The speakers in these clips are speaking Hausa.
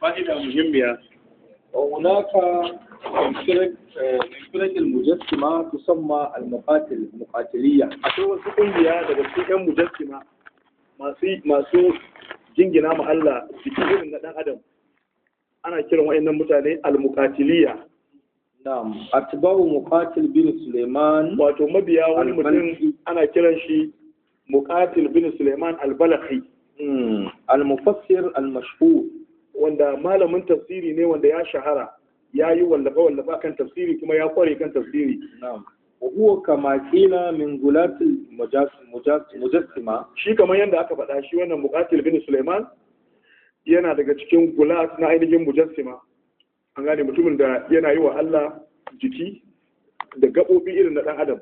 fa'ida muhimmiya هناك الفرق المجسمة تسمى المقاتل المقاتلية أقول وسكون بها تبسيك مجسمة masu jingina ma Allah jiki irin na ɗan adam ana kiran wa'annan mutane al-muqatiliya na'am atba'u muqatil bin Suleiman wato mabiya wani mutum ana kiran shi muqatil bin Suleiman al-Balakhi hmm. al-mufassir al-mashhur wanda malamin tafsiri ne wanda ya shahara ya yi wallafa wallafa kan tafsiri kuma ya kware kan tafsiri na'am wa huwa kama min gulatil mujassima shi kamar yadda aka faɗa shi wannan muqatil bin sulaiman yana daga cikin gulat na ainihin mujassima an gane mutumin da yana yi wa Allah jiki da gaɓoɓi irin na ɗan adam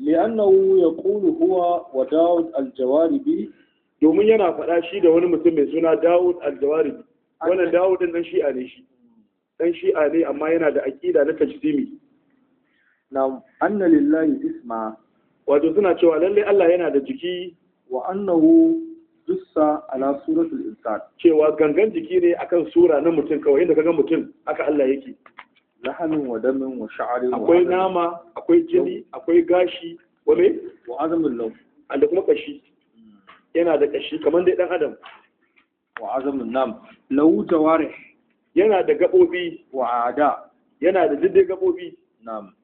li'annahu yaqulu huwa wa daud domin yana faɗa shi da wani mutum mai suna Dawud al-Jawari wannan Dawud din dan shi'a ne shi dan shi'a ne amma yana da aqida na Tajdimi na'am anna lillahi isma wato suna cewa lalle Allah yana da jiki wa annahu jussa ala suratul insan cewa gangan jiki ne akan sura na mutum kawai inda kaga mutum aka Allah yake lahanin wa damin wa sha'arin akwai nama akwai jini akwai gashi wa me wa azamul law da kuma kashi yana da ƙashi kamar dai ɗan adam wa azamun nam lahu tawarih yana da gaɓoɓi wa ada yana da diddai gaɓoɓi nam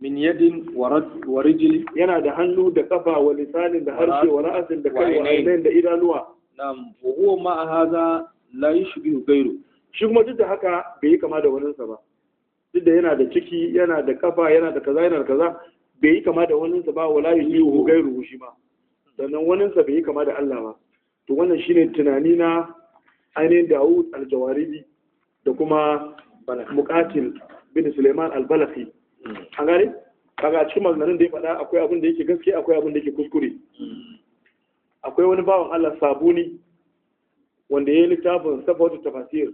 min yadin wa rijili yana da hannu da kafa wa lisanin da harshe wa ra'asin da kai wa ainihin da idanuwa nam wa huwa ma hadha la yushbihu ghayru shi kuma duk da haka bai yi kama da wani sa ba duk da yana da ciki yana da kafa yana da kaza yana da kaza bai yi kama da wani sa ba wala yushbihu ghayru shi ma sannan sa bai yi kama da Allah ba to wannan shine tunani na ainihin Dawud al-Jawaribi da kuma Muqatil bin Suleiman al-Balakhi an gane kaga a cikin maganganun da ya faɗa akwai abin da yake gaske akwai abin da yake kuskure akwai wani bawan Allah sabuni wanda ya yi littafin safatu tafasir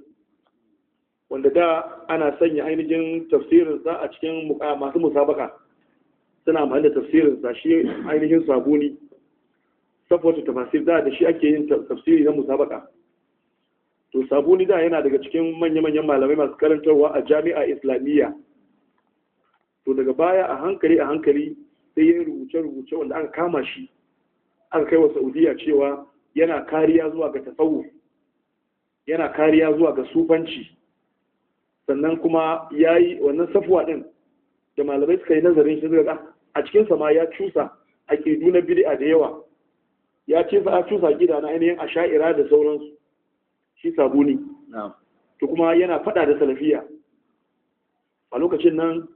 wanda da ana sanya ainihin tafsirin sa a cikin masu musabaka suna amfani da sa shi ainihin sabuni saboda tafasir da da shi ake yin tafsiri na musabaka to sabuni da yana daga cikin manya-manyan malamai masu karantarwa a jami'a islamiyya to daga baya a hankali a hankali sai ya rubuce-rubuce wanda aka kama shi aka kai wa saudiya cewa yana kariya zuwa ga tafawu yana kariya zuwa ga sufanci sannan kuma ya yi wannan safuwa din, da malamai suka yi nazarin shi a cikin sama ya cusa ake na bid'a da yawa ya ce sa cusa gida na ainihin sha'ira da sauransu shi sabuni to kuma yana fada da salafiya a lokacin nan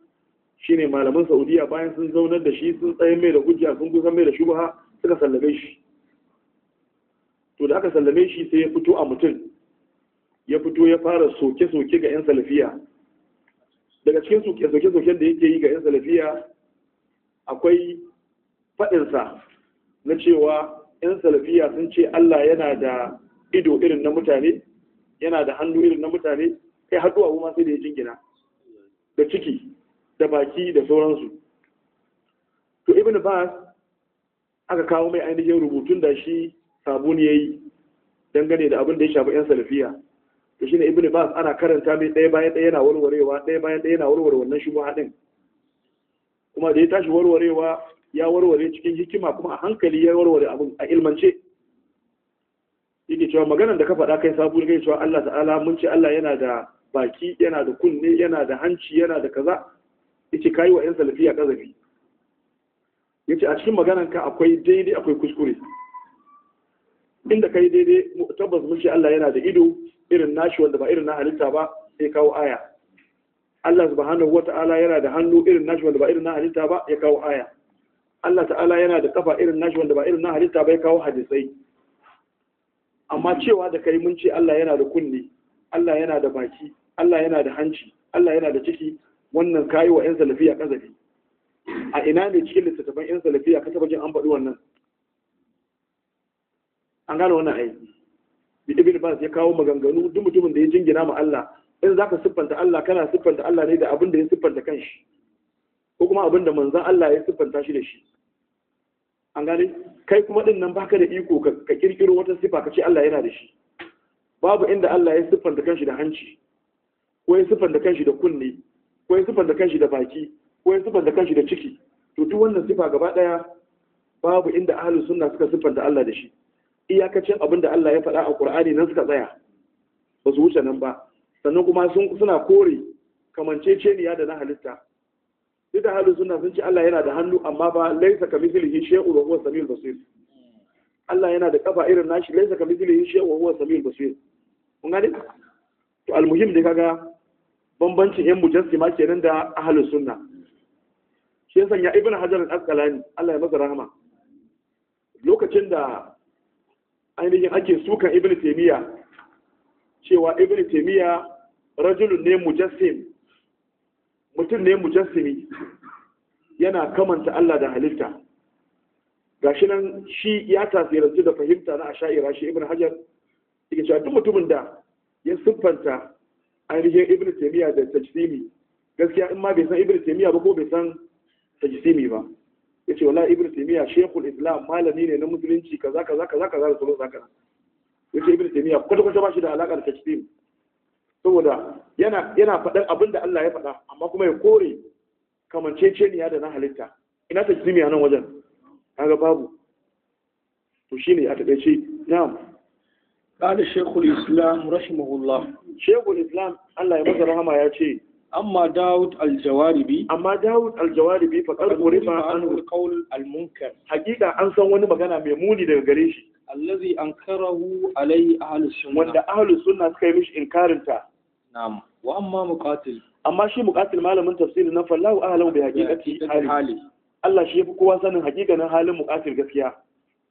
shi ne malaman saudiya bayan sun zaunar da shi sun tsaye mai da hujja sun kusan mai da shubaha suka sallame shi to da aka sallame shi sai ya fito a mutum ya fito ya fara soke-soke ga 'yan salafiya daga cikin soke-soken da yake yi ga 'yan salafiya akwai faɗinsa na cewa Yan salafiya sun ce Allah yana da ido irin na mutane yana da hannu irin na mutane kai haɗu abu ma sai da ya jingina da ciki da baki da sauransu to ibn bas aka kawo mai ainihin rubutun da shi sabuni ya yi dangane da abin da ya shafi 'yan salafiya to shine ibn bas ana karanta mai ɗaya bayan ɗaya yana warwarewa ɗaya bayan ɗaya yana warware wannan shubuha din kuma da ya tashi warwarewa ya warware cikin hikima kuma a hankali ya warware abin a ilmance yake cewa maganar da ka faɗa kai sabu ne cewa Allah ta'ala mun ce Allah yana da baki yana da kunne yana da hanci yana da kaza yace kai wa yan salafiya kazabi yace a cikin maganar ka akwai daidai akwai kuskure inda kai daidai tabbas mun ce Allah yana da ido irin nashi wanda ba irin na halitta ba sai kawo aya Allah subhanahu wata'ala yana da hannu irin nashi wanda ba irin na halitta ba ya kawo aya Allah ta'ala yana da kafa irin nashi wanda ba irin na halitta bai kawo hadisai amma cewa da kai mun ce Allah yana da kunne Allah yana da baki Allah yana da hanci Allah yana da ciki wannan kayi wa yan a kazafi a ina ne cikin littattafan yan salafi ka kasa jin an faɗi wannan an gane wannan ai ibn Bas ya kawo maganganu duk mutumin da ya jingina ma Allah in zaka siffanta Allah kana siffanta Allah ne da abin da ya siffanta kanshi ko kuma abin da manzon Allah ya siffanta shi da shi an gane kai kuma din nan baka da iko ka kirkiro wata sifa ka ce Allah yana da shi babu inda Allah ya siffanta kanshi da hanci ko ya siffanta kanshi da kunne ko ya siffanta kanshi da baki ko ya siffanta kanshi da ciki to duk wannan sifa gaba daya babu inda ahli sunna suka siffanta Allah da shi iyakacin abin da Allah ya faɗa a Qur'ani nan suka tsaya ba su wuce nan ba sannan kuma sun suna kore kamanceceniya da na halitta duk da halin suna sun ce Allah yana da hannu amma ba laisa ka mislihi shay'un wa huwa samiul basir Allah yana da kafa irin nashi laisa ka mislihi shay'un wa huwa samiul basir kun gane to almuhim da kaga bambancin yan mujassima kenan da ahlus sunna shi yasa ya ibnu hajar al-asqalani Allah ya masa rahama lokacin da ainihin ake sukan ibnu taymiya cewa ibnu taymiya rajulun ne mujassim mutum ne mujassimi yana kamanta Allah da halitta gashi nan shi ya tasirantu da fahimta na asha'ira shi ibn hajar yake cewa duk mutumin da ya siffanta ainihin ibn taymiya da tajsimi gaskiya in ma bai san ibn taymiya ba ko bai san tajsimi ba yace wallahi ibn taymiya shaykhul islam malami ne na musulunci kaza kaza kaza kaza da sauran zaka yace ibn taymiya kwata kwata ba shi da alaka da tajsimi saboda yana yana faɗan abin da Allah ya faɗa amma kuma ya kore kamanceceniya da na halitta ina ta jimi a nan wajen kaga babu to shine a takaice na'am قال شيخ الإسلام رحمه الله شيخ الإسلام الله يمزر رحمه يا شيخ أما داود الجواربي أما داود الجواربي فقد ورد عنه القول المنكر حقيقة أن سواني مغانا ميموني ده غريشي الذي أنكره عليه أهل السنة وأن أهل السنة كيمش إنكارنتا na'am wa amma muqatil amma shi muqatil malamin tafsiri nan fallahu a'lamu bi haqiqati hali Allah shi yafi kowa sanin haqiqanin halin muqatil gaskiya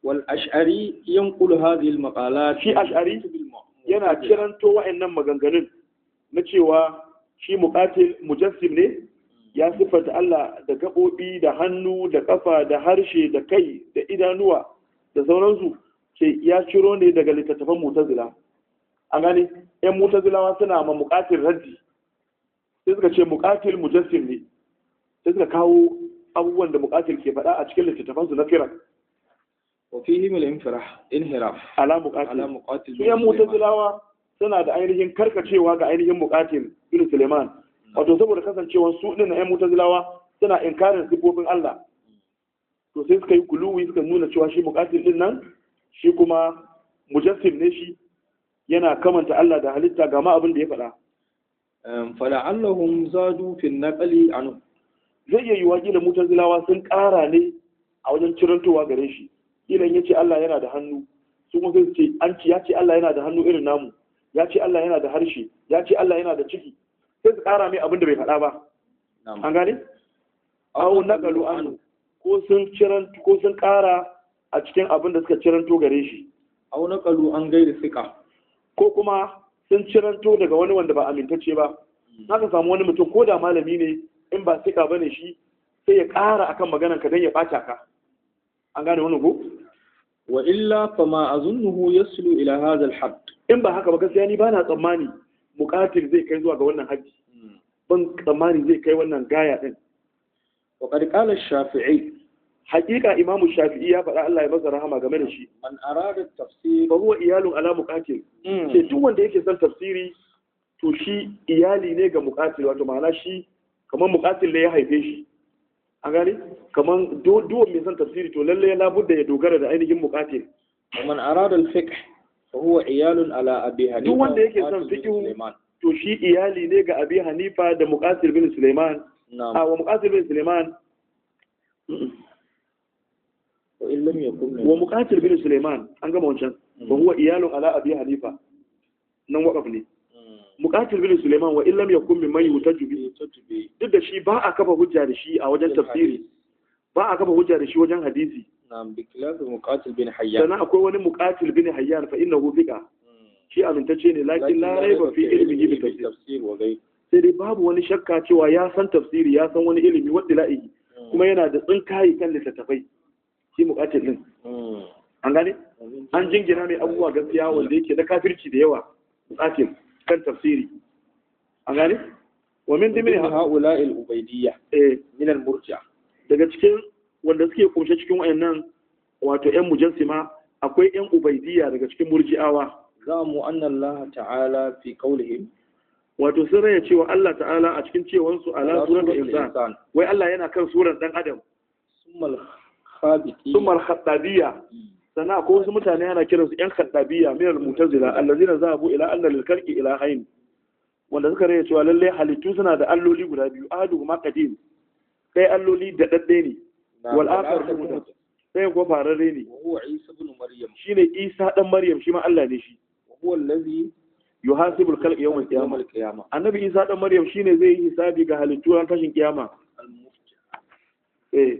wal ash'ari yanqulu hadhihi al maqalat shi ash'ari yana kiranto wa'annan maganganun na cewa shi muqatil mujassim ne ya siffata Allah da gaɓoɓi da hannu da ƙafa da harshe da kai da idanuwa da sauransu ce ya ciro ne daga littattafan mutazila an gani, yan mutazilawa suna ma mukatil raddi sai suka ce mukatil mujassim ne sai suka kawo abubuwan da mukatil ke faɗa a cikin littattafan su na firan wa fihi mil infirah inhiraf ala mukatil ala muƙatil yan mutazilawa suna da ainihin karkacewa ga ainihin mukatil ibn Suleiman wato saboda kasancewar su din yan mutazilawa suna inkarin sifofin Allah to sai suka yi kuluwi suka nuna cewa shi muƙatil din nan shi kuma mujassim ne shi yana kamanta Allah da halitta ga ma abin da ya faɗa fala'allahum zadu fi a nan. zai iya yiwa kila zilawa sun ƙara ne a wajen cirantowa gare shi Ƙila ya ce Allah yana da hannu su kuma sai ce an ci ya ce Allah yana da hannu irin namu ya ce Allah yana da harshe ya ce Allah yana da ciki sai su ƙara mai abin da bai faɗa ba an gane aw na anhu ko sun ciranto ko sun ƙara a cikin abin da suka ciranto gare shi na naqalu an gairi suka. ko kuma sun ciranto daga wani wanda ba amintacce ba na hmm. ka samu wani mutum ko da malami ne in ba sika bane shi sai ya ƙara akan maganar ka dan ya ɓata ka an gane wani ko wa illa fa ma azunnuhu yaslu ila hadha al in ba haka ba gaskiya ni bana tsammani muqatil zai kai zuwa ga wannan haji hmm. ban tsammani zai kai wannan gaya din wa qad qala shafi'i hakika imamu shafi'i ya faɗa Allah ya masa rahama game da shi an arada tafsir fa huwa iyalun ala muqatil hmm. duk wanda yake son tafsiri to shi iyali ne ga muqatil wato ma'ana shi kamar muqatil ne ya haife shi a gani kamar duwan mai son tafsiri to lalle ya labudda ya dogara da ainihin muqatil man arada al-fiqh huwa iyalun ala abi hanifa duk wanda yake son fiqh to shi iyali ne ga abi hanifa da bin Suleiman a wa muqatil bin Suleiman wa muqatil bin sulaiman an gama wancan hmm. wa huwa iyalun ala abi hanifa nan waqaf ne hmm. muqatil bin sulaiman wa illam yakun min man yutaju bi duk da shi ba a kafa hujja da shi wajen tafsiri da shi akwai wani muqatil bin hayyan fa hmm. shi ne lakin fi sai dai babu wani shakka cewa ya san tafsiri ya san wani ilimi wadda la'i kuma yana da tsinkayi kan littattafai shi muƙatil din an gane an jingina mai abubuwa gaskiya wanda yake da kafirci da yawa muƙatil kan tafsiri an gane wa min dimini haula al ubaidiyya eh min al murji'a daga cikin wanda suke kunshe cikin wayannan wato yan mujassima akwai yan ubaidiyya daga cikin murji'awa zamu anna Allah ta'ala fi qawlihim wato sun raya cewa Allah ta'ala a cikin cewansu ala suratul insan wai Allah yana kan suran dan adam summal sumar haddadiya sannan akwai wasu mutane ana su yan haddadiya min al-mu'tazila allazina zahabu ila anna lil ila ilahayn wanda suka rage cewa lalle halittu suna da alloli guda biyu ahadu ma qadim kai alloli da dadde ne wal akhar mudah sai ko fararre ne huwa isa ibn maryam shine isa dan maryam shi ma Allah ne shi huwa allazi yuhasibul khalq yawm al-qiyamah annabi isa dan maryam shine zai yi hisabi ga halittu ran tashin kiyama eh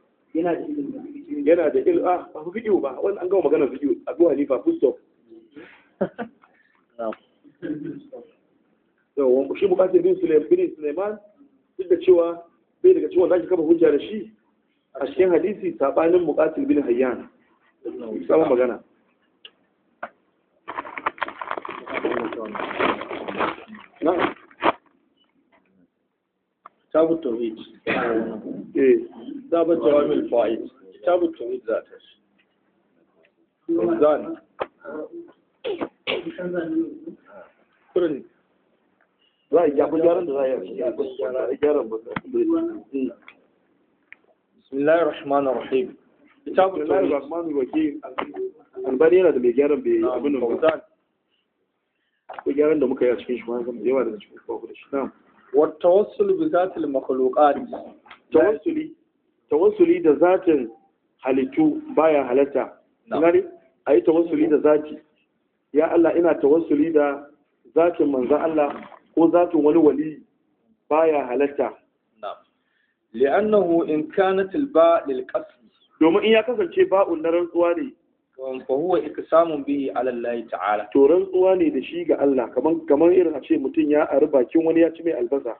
yana da ilimi yana da ilimi ah ba fi fiƙihu ba wani an gama maganar zuwa abu ba full stop yawon shi bukatun bin bin suleiman duk da cewa bai daga cewa zaki kafa hujja da shi a cikin hadisi sabanin bukatun bin hayyan saman magana na'am كتاب za a gyafi gyaran da za bismillahir rahmanir rahim rahmanir rahim yana da mai gyaran bai abin da gyaran da muka yi a cikin shi ma yawa daga cikin shi wa tawassul bi zatil makhluqat tawassuli tawassuli da zatin halittu baya halatta gani ayi tawassuli da zati ya Allah ina tawassuli da zatin manzon Allah ko zatin wani wali baya halatta li'annahu in kanat al ba lil domin in ya kasance ba'un na rantsuwa ne fa huwa iksamun bihi ala ta'ala to rantsuwa ne da shi ga Allah kaman kaman irin a ce mutum ya ari bakin wani ya ci mai albasa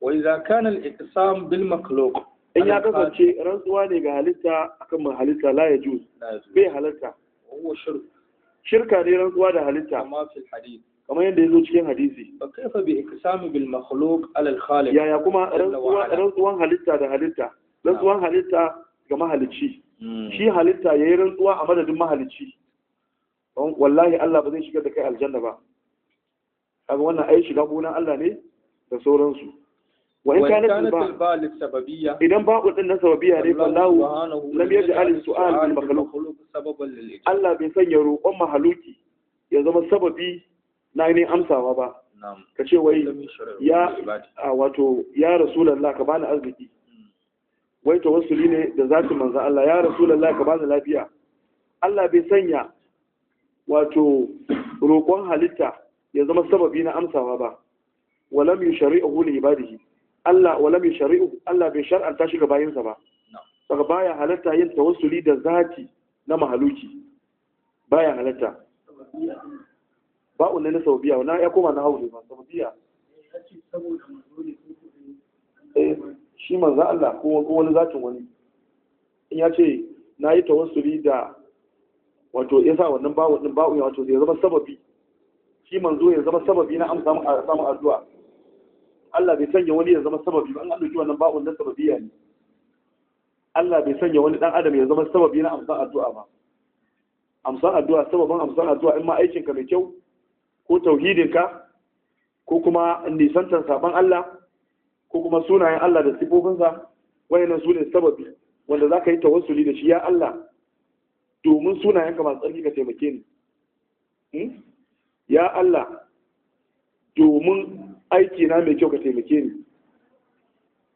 wa idza kana al-iqsam bil makhluq in ya kasance rantsuwa ne ga halitta akan ma halitta la yajuz bai halitta huwa shirk shirka ne rantsuwa da halitta amma fil hadith kamar yadda ya zo cikin hadisi fa kaifa bi iqsami bil makhluq ala al khaliq yaya kuma rantsuwan halitta da halitta rantsuwan halitta ga mahalicci shi halitta ya yi rantsuwa a madadin mahalicci wallahi Allah ba zai shigar da kai aljanna ba kaga wannan ai shiga gonan Allah ne da sauransu wa in kana ba sababiyya idan ba din nan sababiyya ne fallahu lam yaj'al su'al bil makhluq sababan lil Allah bai sanya roƙon mahaluki ya zama sababi na ne amsawa ba ka ce wai ya wato ya rasulullahi ka bani arziki wai tawassuli ne da zatin manzo Allah ya rasulullahi ka bani lafiya Allah bai sanya wato roƙon halitta ya zama sababi na amsawa ba walam yushari'uhu li ibadihi Allah walam yushari'uhu Allah bai shar'anta shi ga bayinsa ba saka baya halatta yin tawassuli da zati na mahaluki baya halatta ba unne na sababiya na ya koma na hauri ba sababiya eh shi manzan Allah ko wani zatin wani in ya ce na yi tawassuli da wato ya sa wannan bawo din bawo ya wato ya zama sababi shi manzo ya zama sababi na amsa samu addu'a Allah bai sanya wani ya zama sababi ba an dauki wannan bawo sababi ya ne Allah bai sanya wani dan adam ya zama sababi na amsa addu'a ba amsa addu'a sababin amsa addu'a in ma aikin ka mai kyau ko tauhidin ka ko kuma nisantar saban Allah ko kuma sunayen Allah da sifofinsa wayannan su ne sababi wanda za ka yi tawassuli da shi ya Allah domin sunayen ka masu tsarki ka taimake ni hmm? ya Allah domin aiki na mai kyau ka taimake ni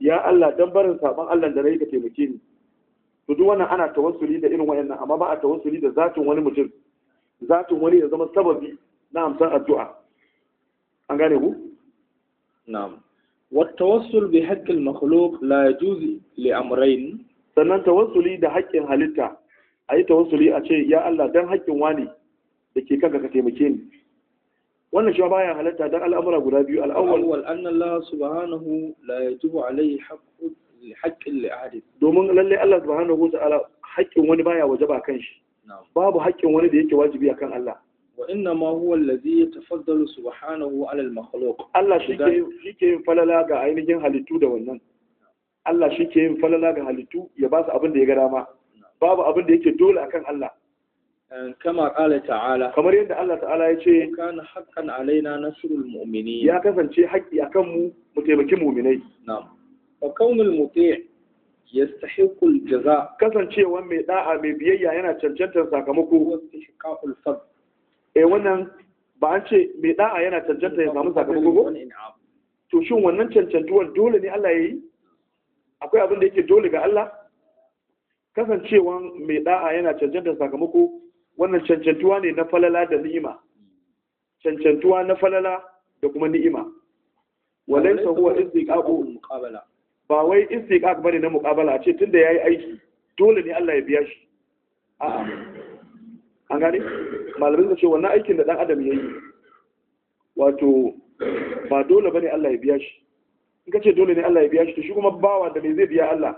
ya Allah dan barin sabon Allah da rai ka taimake ni to duk wannan ana tawassuli da irin wayannan amma ba a tawassuli da zatin wani mutum zatin wani ya zama sababi na amsan addu'a an gane ku na'am والتوسل بحق المخلوق لا يجوز لأمرين sannan tawassuli da haƙƙin halitta a yi tawassuli a ce ya Allah Dan haƙƙin wani da ke kanka ka taimake ni wannan shi baya halitta don al'amura guda biyu al'awwal wal anna Allah subhanahu la yajibu alayhi haqqu li haqqin li ahad domin lalle Allah subhanahu wa ta'ala haƙƙin wani baya wajaba kan shi babu haƙƙin wani da yake wajibi akan Allah wa inna ma huwa allazi yatafaddalu subhanahu ala al-makhluq Allah shi ke yin falala ga ainihin halittu da wannan Allah shi ke yin falala ga halittu ya ba su ya ga dama babu abinda yake dole akan Allah eh, kama kala ta'ala kamar yadda Allah ta'ala ya ce kana haqqan alaina nasrul mu'minin ya kasance haƙƙi akan mu mu taimaki mu'minai na'am fa kaunul muti' yastahiqul jaza Kasancewan mai da'a mai biyayya yana cancantar sakamako wa E, wannan ba an ce mai da'a yana cancanta ya samu sakamako ko to shin wannan cancantuwar dole ne Allah ya yi akwai abin da yake dole ga Allah kasancewan mai da'a yana cancanta sakamako wannan cancantuwa ne na falala da ni'ima cancantuwa na falala da kuma ni'ima sa huwa istiqaqu muqabala ba wai istiqaq bane na muqabala a ce tunda yayi aiki dole ne Allah ya biya shi a'a an gane Malamin suka ce wannan aikin da dan adam ya yi wato ba dole bane Allah ya biya shi in ka ce dole ne Allah ya biya shi to shi kuma bawa da me zai biya Allah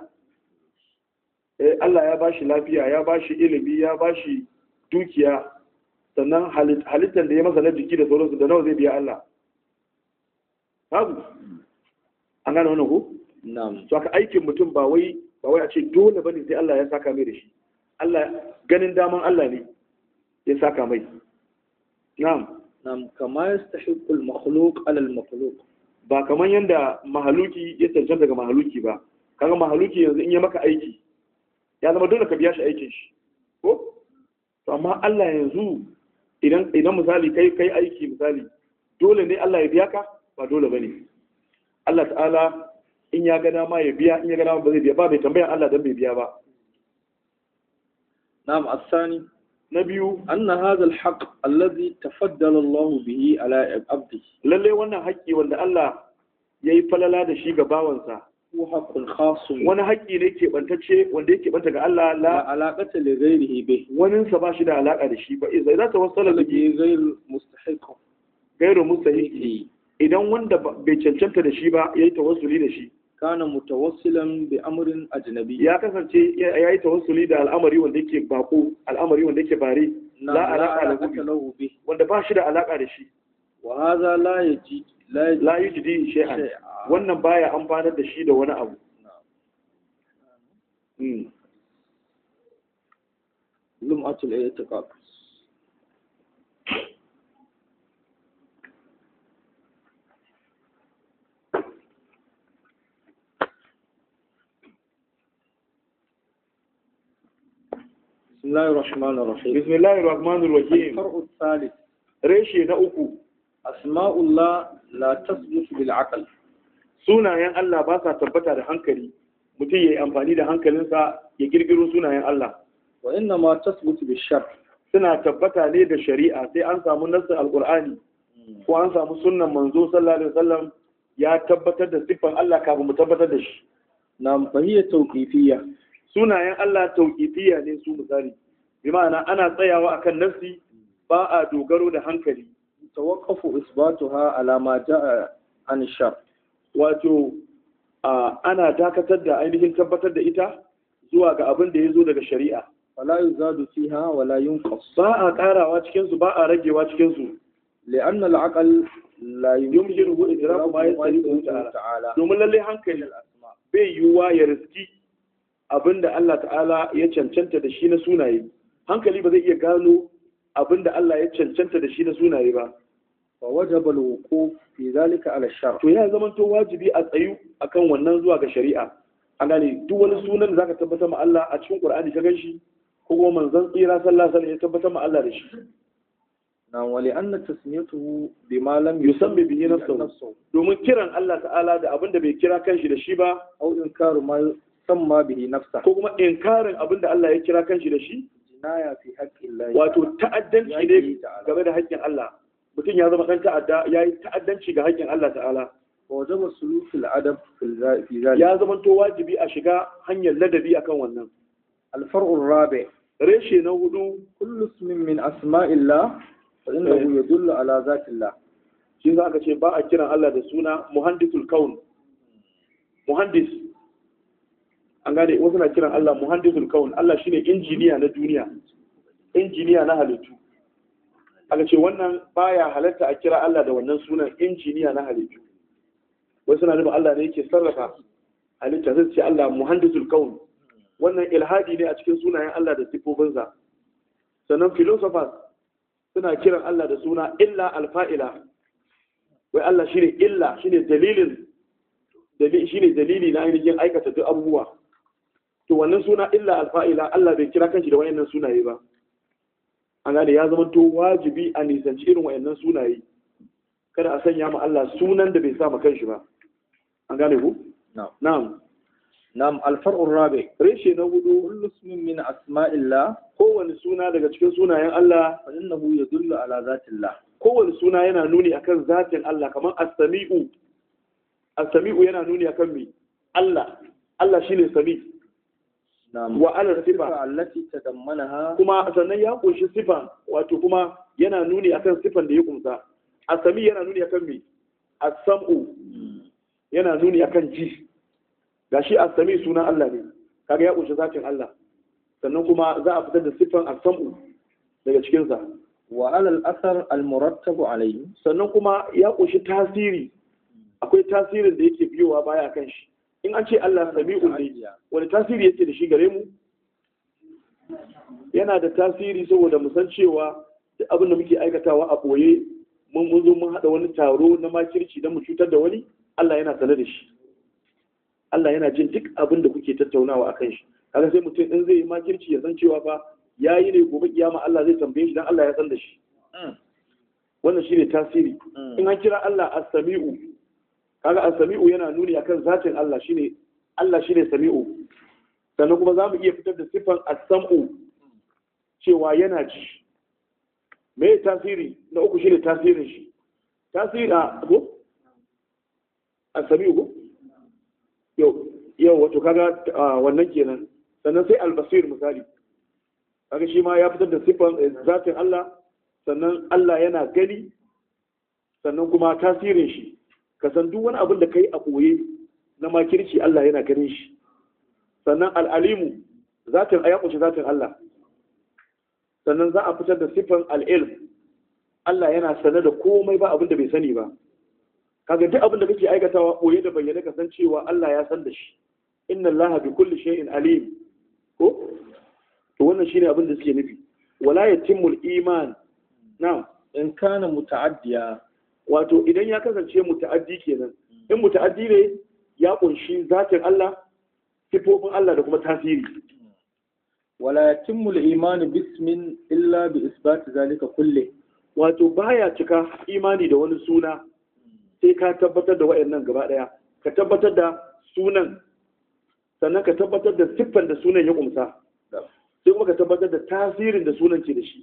eh Allah ya bashi lafiya ya bashi ilimi ya bashi dukiya sannan halittar da ya masa na jiki da sauransu da nawa zai biya Allah babu an gane wannan ko na'am to aka aikin mutum ba wai ba wai a ce dole bane sai Allah ya saka mai da shi Allah ganin daman Allah ne ya saka mai na'am na'am kama yastahiqu al-makhluq ala al-makhluq ba kaman yanda mahaluki ya tantance daga mahaluki ba kaga mahaluki yanzu in ya maka aiki ya zama dole ka biya shi aikin shi ko to amma Allah yanzu idan idan misali kai kai aiki misali dole ne Allah ya biya ka ba dole bane Allah ta'ala in ya ga dama ya biya in ya ga dama ba zai biya ba bai tambaya Allah dan bai biya ba na'am asani na biyu anna hadha alhaq allazi tafaddala Allah bihi ala abdi lalle wannan haƙƙi wanda Allah yayi falala da shi ga bawansa ko haqqun wani haƙƙi ne ke bantace wanda yake banta ga Allah la alaqata li ghairihi bi wani sa ba shi da alaka da shi ba idan za ta wasala da ghair mustahiq mustahiq idan wanda bai cancanta da shi ba yayi tawassuli da shi kana mutawassilan bi amrin ajnabi ya kasance ya yi tawassuli da al'amari wanda yake bako al'amari wanda yake bare la alaka lahu bi wanda ba shi da alaka da shi wa hadha la yaji la yaji yujdi shay'an wannan baya amfanar da shi da wani abu na'am hmm lum atul i'tiqad بسم الله الرحمن الرحيم بسم الله الرحمن الرحيم الفرع الثالث ريشي نأكو أسماء الله sunayen Allah ba sa tabbata da hankali mutum ya yi amfani da hankalinsa ya girgiro sunayen Allah wa inna ma tasbutu bi suna tabbata ne da shari'a sai an samu nassin alqur'ani ko an samu sunnan manzo sallallahu alaihi wasallam ya tabbatar da siffan Allah kafin mu tabbatar da shi na fahiya tawqifiyya sunayen Allah tauƙifiya ne su misali bi ma'ana ana tsayawa akan nafsi ba a dogaro da hankali tawaqqafu isbatuha ala ma ja'a an shar wato ana dakatar da ainihin tabbatar da ita zuwa ga abin da ya zo daga shari'a wala yuzadu fiha wala yunqas ba a karawa cikin su ba a ragewa cikin su لأن العقل لا يمكنه إدراك ما يستحقه تعالى domin lalle hankali bai yiwuwa ya riski abinda Allah ta'ala ya cancanta da shi na sunaye hankali ba zai iya gano abinda Allah ya cancanta da shi na sunaye ba fa wajaba wuquf fi zalika ala shar to ya zama to wajibi a tsayu akan wannan zuwa ga shari'a an gane duk wani sunan da zaka tabbatar ma Allah a cikin Qur'ani ka ganshi ko kuma manzon tsira sallallahu alaihi wasallam ya tabbatar ma Allah da shi na wali anna tasmiyatuhu bima lam yusammi bihi nafsuhu domin kiran Allah ta'ala da da bai kira kanshi da shi ba au inkaru ma samma bihi nafsa ko kuma inkarin abin da Allah ya kira kanshi da shi jinaya fi haqqillah wato ta'addanci ne game da haƙƙin Allah mutum ya zama dan ta'adda yayi ta'addanci ga haƙƙin Allah ta'ala wa wajaba sulusul adab fi zalik ya zama to wajibi a shiga hanyar ladabi akan wannan al-far'u rabi reshe na hudu kullu ismin min asma'illah fa innahu eh. yadullu ala zatillah shi za ka ce ba a kiran Allah da suna muhandisul kaun muhandis an gane wasu na kiran Allah muhandisul kaun Allah shine injiniya na duniya injiniya na halittu aka ce wannan baya halatta a kira Allah da wannan sunan injiniya na halittu wasu na nufin Allah ne yake sarrafa halitta zai ce Allah muhandisul kaun wannan ilhadi ne a cikin sunayen Allah da sifofinsa sannan philosophers suna kiran Allah da suna illa alfa'ila wai Allah shine illa shine dalilin shine dalili na ainihin aikata duk abubuwa to wannan suna illa alfa'ila Allah bai kira kanshi da wayannan sunaye ba an gane ya zama to wajibi a nisanci irin wayannan sunaye kada a sanya ma Allah sunan da bai sa ma kanshi ba an gane ku na'am نعم الفرع الرابع ريش نقول كل اسم من أسماء الله هو suna daga cikin sunayen Allah ya dulla ala ذات الله kowane suna yana nuni akan zatin Allah kamar as-sami'u as-sami'u yana nuni akan me Allah Allah shine sami wa alal sifa allati tadammanaha kuma sannan ya kunshi sifa wato kuma yana nuni akan sifan da ya kunsa asami yana nuni akan me asamu yana nuni akan ji gashi asami sunan Allah ne kaga ya kunshi zatin Allah sannan kuma za a fitar da sifan asamu daga cikin sa wa asar al murattabu alayhi sannan kuma ya kunshi tasiri akwai tasirin da yake biyowa baya kan shi in an ce Allah sami'un ne wani tasiri yake da shi gare mu yana da tasiri saboda mu san cewa duk abin da muke aikatawa a boye mun mun zo mun hada wani taro na makirci don mu cutar da wani Allah yana sane da shi Allah yana jin duk abin da kuke tattaunawa akan shi kaga sai mutum in zai yi makirci ya san cewa fa yayi ne gobe kiyama Allah zai tambaye shi dan Allah ya san da shi mm. wannan shine tasiri mm. in an kira Allah as-sami'u kaga an samiu yana nuni akan zatin Allah shine Allah shine sami'u sannan kuma za mu iya fitar da siffan as-sam'u cewa yana ji me tasiri na uku shine tasirin shi tasiri a ko as-sami'u ko yau yau wato kaga wannan kenan sannan sai al-basir misali kaga shi ma ya fitar da siffan eh, zatin Allah sannan Allah yana gani sannan kuma tasirin shi ka san duk wani abin da kai a koye na makirci Allah yana ganin shi sannan al'alimu zatin ya kunshi zatin Allah sannan za a fitar da siffan al'ilm Allah yana sane da komai ba abin da bai sani ba kaga duk abin da kake aikatawa koye da bayyane ka san cewa Allah ya san da shi inna Allah bi kulli shay'in alim ko to wannan shine abin da suke nufi wala yatimul iman na'am in kana muta'addiya wato idan ya kasance muta'addi kenan in muta'addi ne ya kunshi zatin Allah sifofin Allah da kuma tasiri wala yatimmu al-imanu bismin illa bi isbat zalika kulli wato baya cika imani da wani suna sai ka tabbatar da wayannan gaba daya ka tabbatar da sunan sannan ka tabbatar da siffan da sunan ya kumsa sai kuma ka tabbatar da tasirin da sunan ke da shi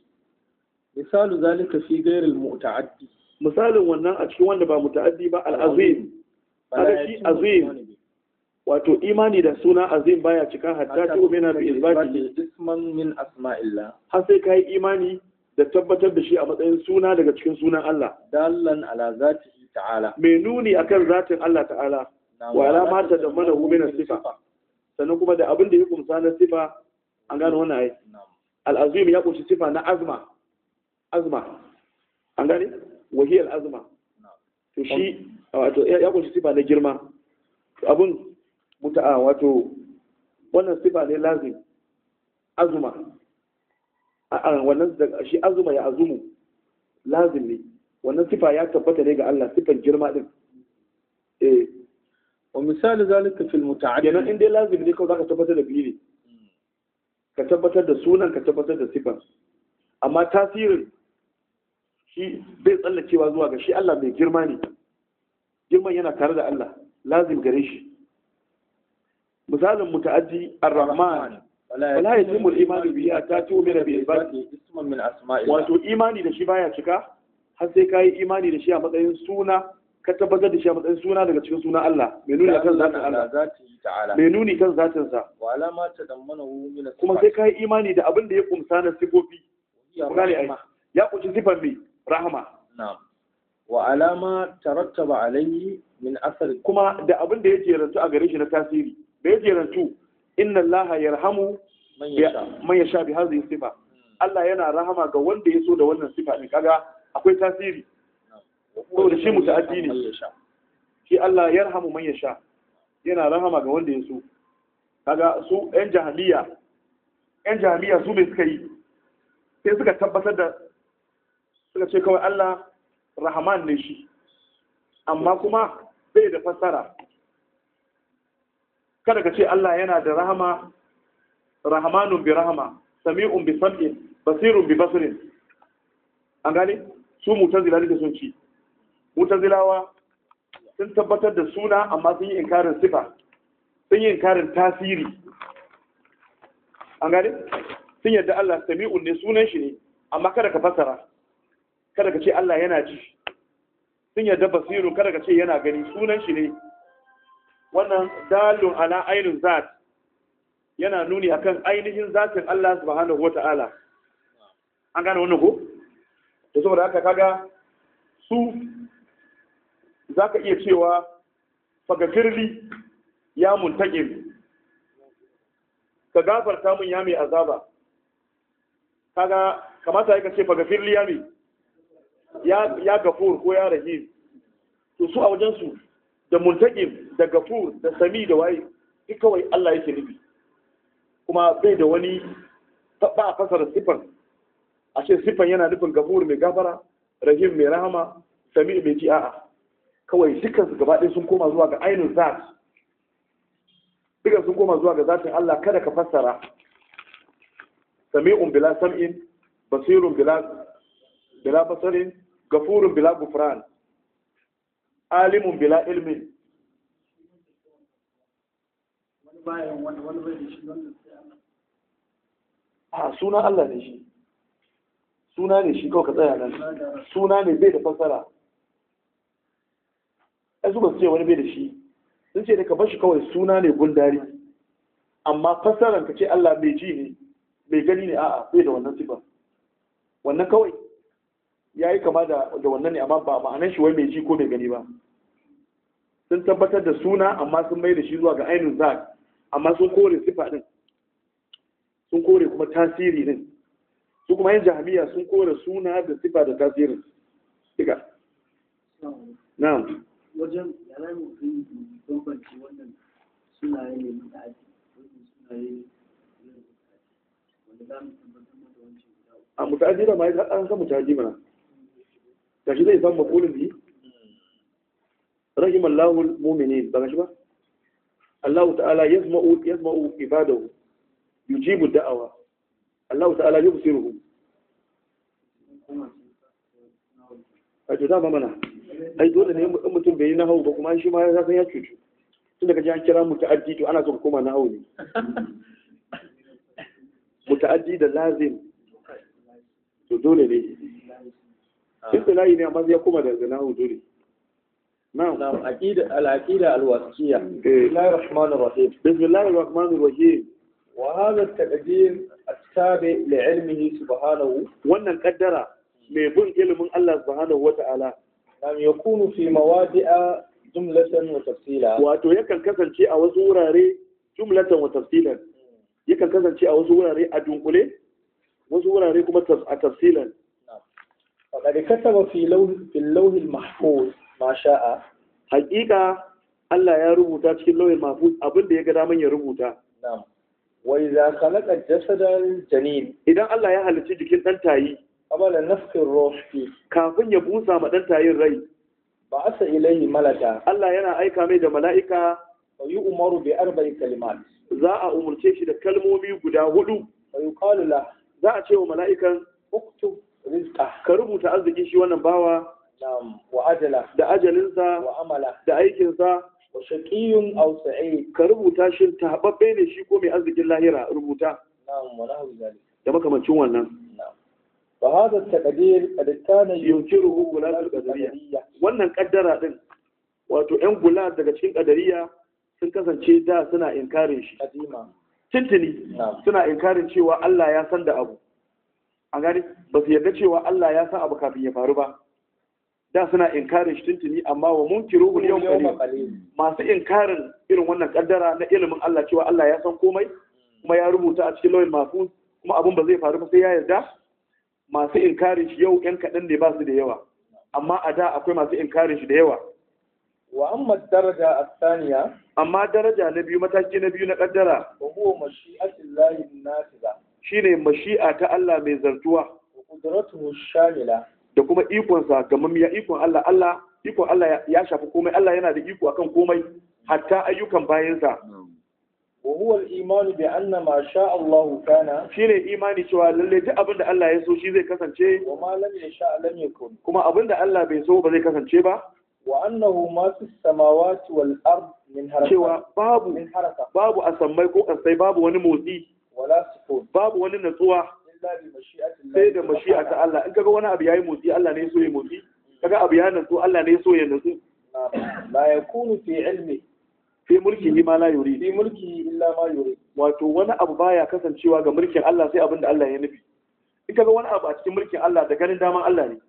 misalu zalika fi ghairil mu'ta'addi misalin wannan a cikin wanda ba muta'addi ba al-azim kaga shi azim wato imani da suna azim baya cika hatta ta umina bi isbati isman min asma'illah har sai kai imani da tabbatar da shi a matsayin suna daga cikin sunan Allah dallan ala zatihi ta'ala mai nuni akan zatin Allah ta'ala wa alama ta da mana min sifa sannan kuma da abin da ya kumsa na sifa an gane wannan ai al-azim ya kunshi sifa na azma azma an gane wahiyar azuma to shi wato ya kunshi sifa na girma abun muta'a wato wannan sifa ne lazim azuma a wannan shi azuma ya azumu lazim ne wannan sifa ya tabbata ne ga Allah sifan girma din eh wa misali zalika fil muta'addi kenan in dai lazim ne kawai zaka tabbatar da biyu ne hmm. ka tabbatar da sunan ka tabbatar da sifan amma tasirin shi bai tsallacewa zuwa ga shi Allah mai girma ne girman yana tare da Allah lazim gare shi misalin muta'addi ar-rahman wala yajibu al-imanu bihi hatta tu'mina bi ibadati isman min asma'illah wato imani da shi baya cika har sai kai imani da shi a matsayin suna ka tabbatar da shi a matsayin suna daga cikin sunan Allah mai nuni kan zatin Allah mai nuni kan zatin sa wa alama ta min kuma sai kai imani da abin da ya kumsa na sifofi ya kuci sifar me rahama wa alama tarattaba alayhi min asar kuma da abin da ya jerantu a gare shi na tasiri da yake jerantu inna Allah yarhamu man yasha bi hadhihi sifa Allah yana rahama ga wanda ya so da wannan sifa din kaga akwai tasiri saboda shi muta'addi ne shi Allah yarhamu man yasha yana rahama ga wanda ya so kaga su yan jahiliya yan jahiliya su ne suka yi sai suka tabbatar da suka ce kawai Allah rahman ne shi amma kuma bai da fassara kada ka ce Allah yana da rahama rahmanun bi rahama sami'un bi sam'in basirun bi basirin an gane su mutan ne da sun ci zilawa sun tabbatar da suna amma sun yi inkarin sifa sun yi inkarin tasiri an gane sun yadda Allah sami'un ne sunan shi ne amma kada ka fassara kada ka ce Allah yana ji sun yadda basiru kada ka ce yana gani sunan shi ne wannan dalun ala ainihin zat yana nuni akan ainihin zatin Allah subhanahu wata'ala an gane wannan ko to saboda haka kaga su zaka iya cewa firli ya muntakim ka gafarta mun ya mai azaba kaga kamata ya ce fagafirli ya mai ya gafur ko ya rahim to su a wajensu da muntakin, da gafur da sami da waye duk kawai Allah yake nufi kuma bai da wani ba a fasara sifan a ce sifan yana nufin gafur mai gafara rahim mai rahama sami mai ji a'a kawai dukkan su gaba ɗaya sun koma zuwa ga ainihin zat dukkan sun koma zuwa ga zatin Allah kada ka fassara sami'un bila sam'in basirun bila bila basarin gafurun bila gufran alimun bila ilmin a suna Allah ne shi suna ne shi kawai ka tsaya nan suna ne bai da fassara ai su ba su ce wani bai da shi sun ce da ka kawai suna ne gundari amma fassaran ka ce Allah bai ji ne bai gani ne a'a bai da wannan sifa wannan kawai ya yi kama da wannan ne amma ba ma'anar shi wai mai ji ko mai gani ba sun tabbatar da suna amma sun mai da shi zuwa ga ainihin zak amma sun kore sifa din sun kore kuma tasiri din su kuma yin jami'a sun kore suna da sifa da tasirin diga na'am wajen yana mutum bambanci wannan suna yi ne na aji wannan yi ne a mutajira ma an san mutaji mana gashi zai san maqulun bi rahim Allahu al-mu'minin ba shi ba Allahu ta'ala yasma'u yasma'u ibadahu yujibu da'awa Allahu ta'ala yubsiruhu a to dama mana ai dole ne in mutum bai yi nahawu ba kuma shi ma ya san ya cucu tun daga an kira mu ta'addi to ana son koma nahawu ne ta'addi da lazim to dole ne istilahi ne amma ya kuma da zina huduri na'am na'am aqida al-aqida al-wasiyya eh. bismillahir rahmanir rahim bismillahir rahmanir rahim wa hadha at-taqdir at-tabi li 'ilmihi subhanahu wannan kaddara mai bin ilimin Allah subhanahu wa ta'ala nam yakunu fi mawadi'a jumlatan wa tafsila wato yakan kasance a wasu wurare jumlatan wa tafsilan hmm. yakan kasance a wasu wurare a dunkule wasu wurare kuma a tafsilan faɗaɗe kataba fil mahfuz ma sha'a haƙiƙa Allah ya rubuta cikin lauhin mahfuz abin da ya ga daman ya rubuta wa idza khalaqa jasadal janin idan Allah ya halicci jikin dan tayi qabala nafkhir ruh kafin ya busa ma dan tayin rai ba asa ilayhi malaka Allah yana aika mai da mala'ika fayu umaru bi arba'i kalimat za a umurce shi da kalmomi guda hudu fayu qalu la za a ce wa mala'ikan uktub ka rubuta arziki shi wannan bawa wa ajala da ajalinsa wa amala da aikinsa wa shaqiyun aw sa'id ka rubuta shi tababbe ne shi ko mai arzikin lahira rubuta na'am wa lahu zalik da makamancin wannan fa hada taqdir qad kana yunkiruhu gulat qadariyya wannan kaddara din wato yan gulat daga cikin qadariyya sun kasance da suna inkarin shi Tintini suna inkarin cewa Allah ya san da abu a gani ba su yarda cewa Allah ya sa abu kafin ya faru ba da suna inkarin shi tuntuni amma wa munkiru ul yawm qalil masu inkarin irin wannan kaddara na ilimin Allah cewa Allah ya san komai kuma ya rubuta a cikin lawil masu kuma abun ba zai faru ba sai ya yarda masu inkarin shi yau yan kadan ne ba su da yawa amma a da akwai masu inkarin shi da yawa wa amma daraja athaniya amma daraja na biyu mataki na biyu na kaddara wa huwa mashi'atullahi nafiza shine mashi'a ta Allah mai zartuwa da kuma ikonsa kamar ya ikon Allah Allah ikon Allah ya shafi komai Allah yana da iko akan komai hatta ayyukan bayansa wa imani bi anna ma sha Allah kana shine imani cewa lalle duk abin Allah ya so shi zai kasance wa ma lam yasha lam kuma abin Allah bai so ba zai kasance ba wa annahu ma fi samawati min harakati babu babu asammai ko kasai babu wani motsi babu wani natsuwa sai da mashi'a ta Allah in kaga wani abu yayi motsi Allah ne so ya motsi kaga abu ya natsu Allah ne so ya natsu la yakunu fi ilmi fi mulki ma la yuri fi mulki illa ma yuri wato wani abu baya kasancewa ga mulkin Allah sai abin da Allah ya nufi in kaga wani abu a cikin mulkin Allah da ganin daman Allah ne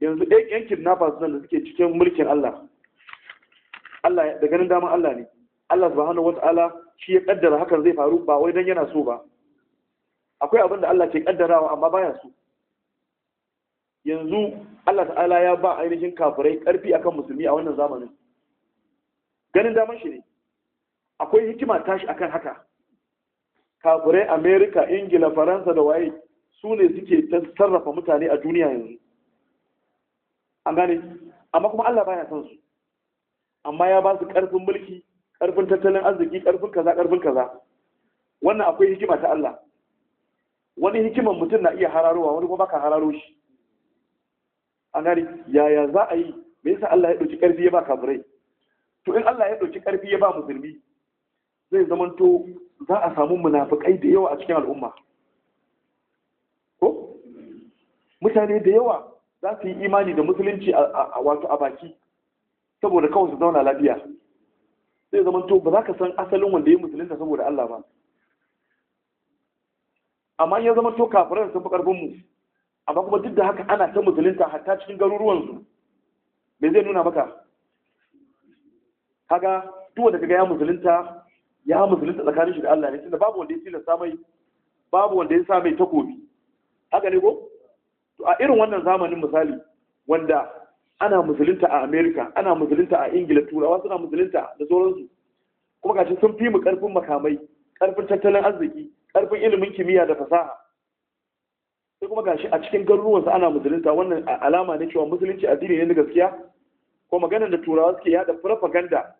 yanzu ɗan yan kidnappers nan da suke cikin mulkin Allah Allah da ganin daman Allah ne Allah subhanahu wata'ala shi ya kaddara hakan zai faru ba wai dan yana so ba akwai abin da Allah ke kaddarawa amma baya so yanzu Allah ta'ala ya ba ainihin kafirai karfi akan musulmi a wannan zamanin ganin daman shi ne akwai hikima tashi akan haka kafirai Amerika, Ingila, Faransa da waye su ne suke sarrafa mutane a duniya yanzu an gane amma kuma Allah baya son su amma ya ba su karfin mulki Ƙarfin tattalin arziki ƙarfin kaza ƙarfin kaza wannan akwai hikima ta Allah wani hikiman mutum na iya hararowa wani kuma baka hararo shi A gani yaya za a yi me yasa Allah ya ɗauki ƙarfi ya ba kafirai to in Allah ya ɗauki ƙarfi ya ba musulmi zai zamanto za a samu munafikai da yawa a cikin al'umma ko mutane da yawa za su yi imani da musulunci a wato a baki saboda kawai su zauna lafiya sai zama to ba za ka san asalin wanda ya musulunta saboda Allah ba amma ya zama to kafirar sun fi karfin amma kuma duk da haka ana ta musulunta hatta cikin garuruwan su me zai nuna maka kaga duk da kaga ya musulunta ya musulunta tsakanin shi da Allah ne tunda babu wanda ya tilasta mai babu wanda ya sa takobi haka ne ko to a irin wannan zamanin misali wanda ana musulunta a Amerika, ana musulunta a ingila turawa suna musulunta da sauransu kuma gashi sun fi mu karfin makamai karfin tattalin arziki karfin ilimin kimiyya da fasaha sai kuma gashi a cikin garuruwansu ana musulunta wannan alama na cewa musulunci addini ne na gaskiya ko maganar da turawa suke yada propaganda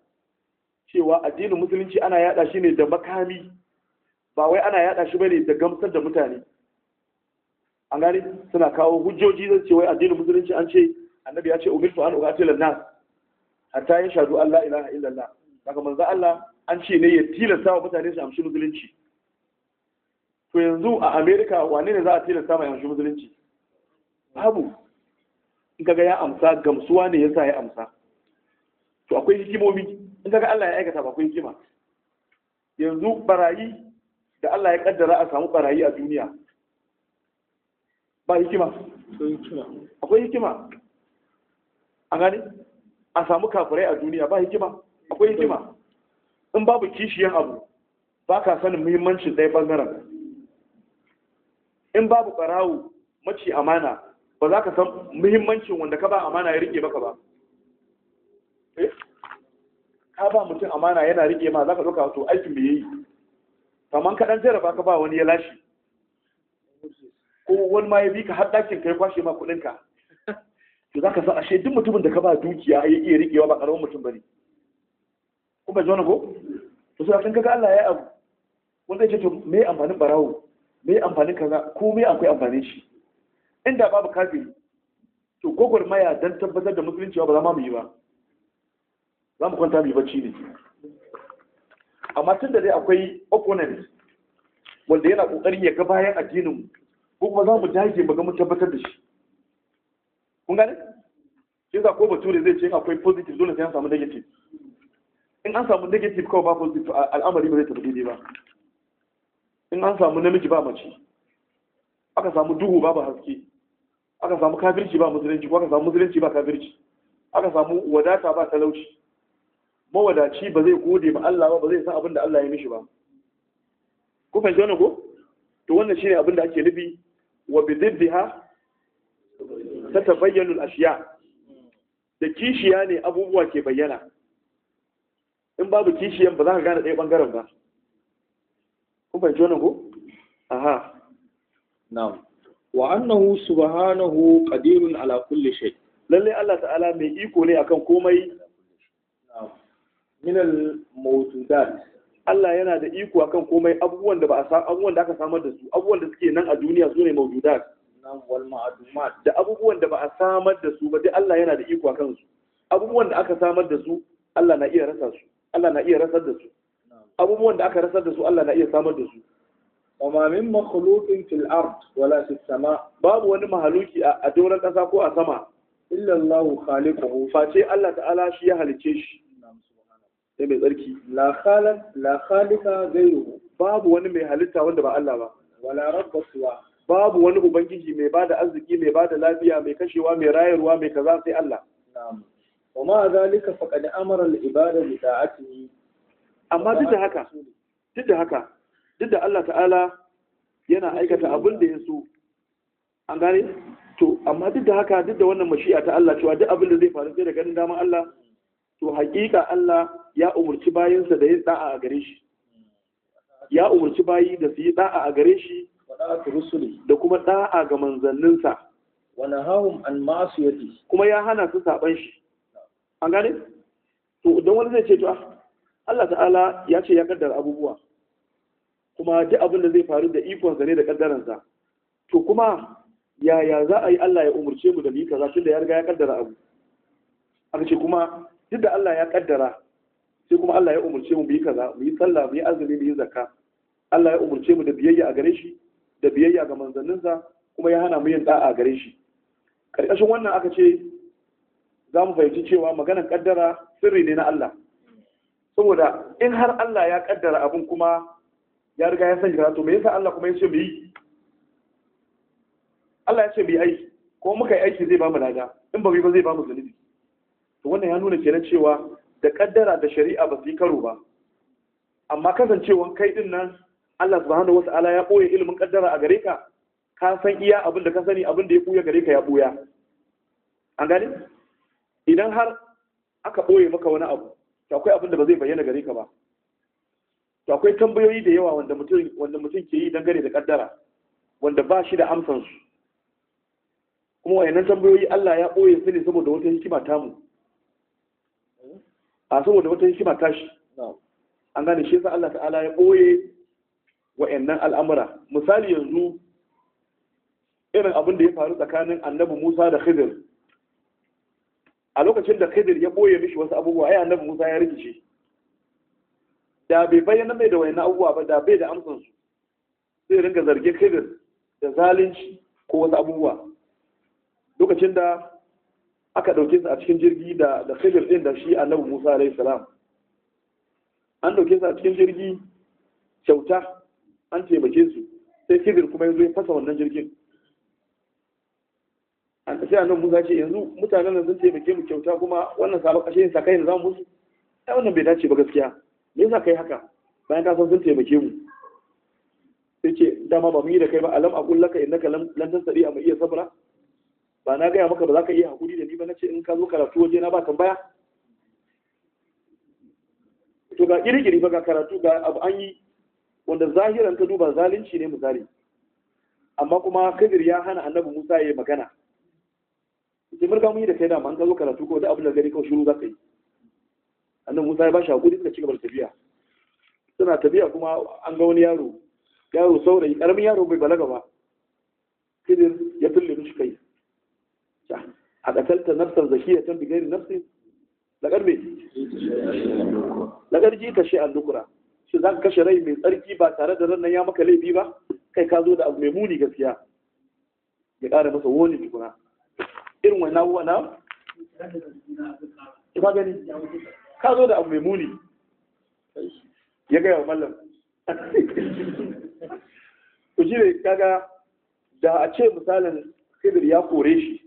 cewa addinin musulunci ana yada shi ne da makami ba wai ana yada shi bane da gamsar da mutane an gane suna kawo hujjoji zai ce wai addinin musulunci an ce annabi ya ce umirtu an ugatil nas hatta yashhadu an la ilaha illallah daga manzo Allah an ce ne ya tilasta wa mutane su amshi musulunci to yanzu a America wane ne za a tilasta mai amshi musulunci babu in kaga ya amsa gamsuwa ne yasa ya amsa to akwai hikimomi in kaga Allah ya aikata ba akwai hikima yanzu barayi da Allah ya kaddara a samu barayi a duniya ba hikima akwai hikima a gani a samu kafirai a duniya ba hikima akwai hikima in babu kishiyan abu ba ka sanin muhimmancin ɗaya ɓangaren in babu ɓarawo mace amana ba za ka san muhimmancin wanda ka ba amana ya rike maka ba eh? ka ba mutum amana yana rike ma za ka zuka wato aikin mai yi kamar kaɗan jaraba ka ba wani ya lashe ko wani ma ya bi ka har ɗakin kai kwashe ma kuɗinka to za ka sa ashe duk mutumin da ka ba dukiya ya iya riƙewa ba ƙaramin mutum ba bane kuma ji wani ko to sai kan kaga Allah ya abu zai ce to me amfanin barawo me amfanin kaza ko me akwai amfanin shi inda babu kafiri to gogor maya dan tabbatar da musulunci ba za mu yi ba za mu kwanta mu yi bacci ne amma tun da dai akwai opponent wanda yana kokarin ya ga bayan addinin mu ko kuma za mu dage mu ga mun tabbatar da shi kun gane shi yasa ko bature zai ce akwai positive dole sai an samu negative in an samu negative kawai ba positive al'amari ba zai tafi daidai ba in an samu namiji ba mace aka samu duhu ba ba haske aka samu kafirci ba musulunci ko aka samu musulunci ba kafirci aka samu wadata ba talauci mawadaci ba zai gode ma Allah ba ba zai san abin da Allah ya mishi ba ku fahimci wannan ko to wannan shine abin da ake nufi wa bididdiha ta tabayyanul ashiya da kishiya ne abubuwa ke bayyana in babu kishiyan ba za ka gane ɗaya ɓangaren ba Ku fahimci wannan ko aha na'am wa annahu subhanahu qadirun ala kulli shay lalle Allah ta'ala mai iko ne akan komai min al mawjudat Allah yana da iko akan komai abubuwan da ba a san abubuwan da aka samar da su abubuwan da suke nan a duniya su ne mawjudat da abubuwan da ba a samar da su ba duk Allah yana da iko akan su abubuwan da aka samar da su Allah na iya rasa su Allah na iya rasar da su abubuwan da aka rasar da su Allah na iya samar da su وما من مخلوق في الأرض ولا fis sama babu wani mahaluki a doron ƙasa ko a sama illa Allah khaliquhu face Allah ta'ala shi ya halice shi sai mai tsarki la khalaq la khaliqa ghayruhu babu wani mai halitta wanda ba Allah ba wala rabba suwa babu wani ubangiji mai ba da arziki mai ba da lafiya mai kashewa mai rayarwa mai kaza sai Allah Amma a ma zalika faqad amara al-ibada bi ta'atihi amma duk da haka duk da haka duk da Allah ta'ala yana aikata abin da ya so an gane to amma duk da haka duk da wannan mashi'a ta Allah cewa duk abin da zai faru sai da ganin daman Allah to hakika Allah ya umurci bayinsa da yin da'a a gare shi ya umurci bayi da su yi da'a a gare shi da kuma da'a ga manzanninsa wa nahahum an ma'siyati kuma ya hana su saban shi an gane to don wani zai ce to ah, Allah ta'ala ya ce ya kaddara abubuwa kuma duk abin da zai faru da ikon ne da kaddaransa to kuma yaya za a yi Allah ya umurce mu da mu yi kaza tunda ya riga ya kaddara abu aka ce kuma duk da Allah ya kaddara sai kuma Allah ya umurce mu mu yi kaza mu yi sallah mu yi azumi mu yi zakka Allah ya umurce mu da biyayya a gare shi da biyayya ga manzanninsa kuma ya hana mu yin da'a gare shi karkashin wannan aka ce za mu fahimci cewa maganan kaddara sirri ne na Allah saboda in har Allah ya kaddara abin kuma ya riga ya sanya to me yasa Allah kuma ya ce mu yi Allah ya ce mu yi aiki ko muka yi aiki zai ba mu lada in ba mu ba zai ba mu zunubi to wannan ya nuna kenan cewa da kaddara da shari'a ba su yi karo ba amma kasancewan kai din nan Allah subhanahu wata'ala ya ɓoye ilimin kaddara a gare ka ka san iya abin da ka sani abin da ya ɓuya gare ka ya ɓuya an gane idan har aka ɓoye maka wani abu to akwai abin da ba zai bayyana gare ka ba to akwai tambayoyi da yawa wanda mutum wanda mutum ke yi dangane da kaddara wanda ba shi da amsan su kuma wayannan tambayoyi Allah ya ɓoye su ne saboda wata hikima mu. a saboda wata hikima shi. an gane shi yasa Allah ta'ala ya ɓoye wa'annan al'amura misali yanzu irin abin da ya faru tsakanin annabi Musa da Khidir a lokacin da Khidir ya boye mishi wasu abubuwa ai annabi Musa ya rikice da bai bayyana mai da wa'annan abubuwa ba da bai da amsan su zai ringa zarge Khidir da zalunci ko wasu abubuwa lokacin da aka dauke su a cikin jirgi da da Khidir din da shi annabi Musa alaihi salam an dauke su a cikin jirgi kyauta an taimake su sai kibir kuma yanzu ya fasa wannan jirgin an tafi a nan musa ce yanzu mutanen nan sun taimake mu kyauta kuma wannan sabon kashe yin sakai da zamu musu ai wannan bai dace ba gaskiya me yasa kai haka bayan ka san sun taimake mu sai ce dama ba mu yi da kai ba alam aqul laka innaka lam lan a amma iya sabra ba na gaya maka ba za ka iya hakuri da ni ba na nace in ka zo karatu waje na ba tambaya to ga kirkiri ba ga karatu ga abu an yi wanda zahiran ka duba zalunci ne misali amma kuma kabir ya hana annabi musa ya yi magana sai mun mun yi da kai da man ka zo karatu ko da abin da gari ko shiru za ka yi annabi musa ya ba shi hakuri suka ci gaba da tafiya suna tafiya kuma an ga wani yaro yaro saurayi karamin yaro bai balaga ba kabir ya fille mishi kai a ƙasalta nafsar zakiya can bigari nafsi laƙar me laƙar ji ta shi an dukura shi za ka kashe rai mai tsarki ba tare da rannan ya maka laifi ba kai ka zo da abu mai muni gaskiya ya ƙara masa wani tukuna irin wani abubuwa na ka gani ka zo da abu mai muni ya gaya wa mallam ku shi ne kaga da a ce misalin khidir ya kore shi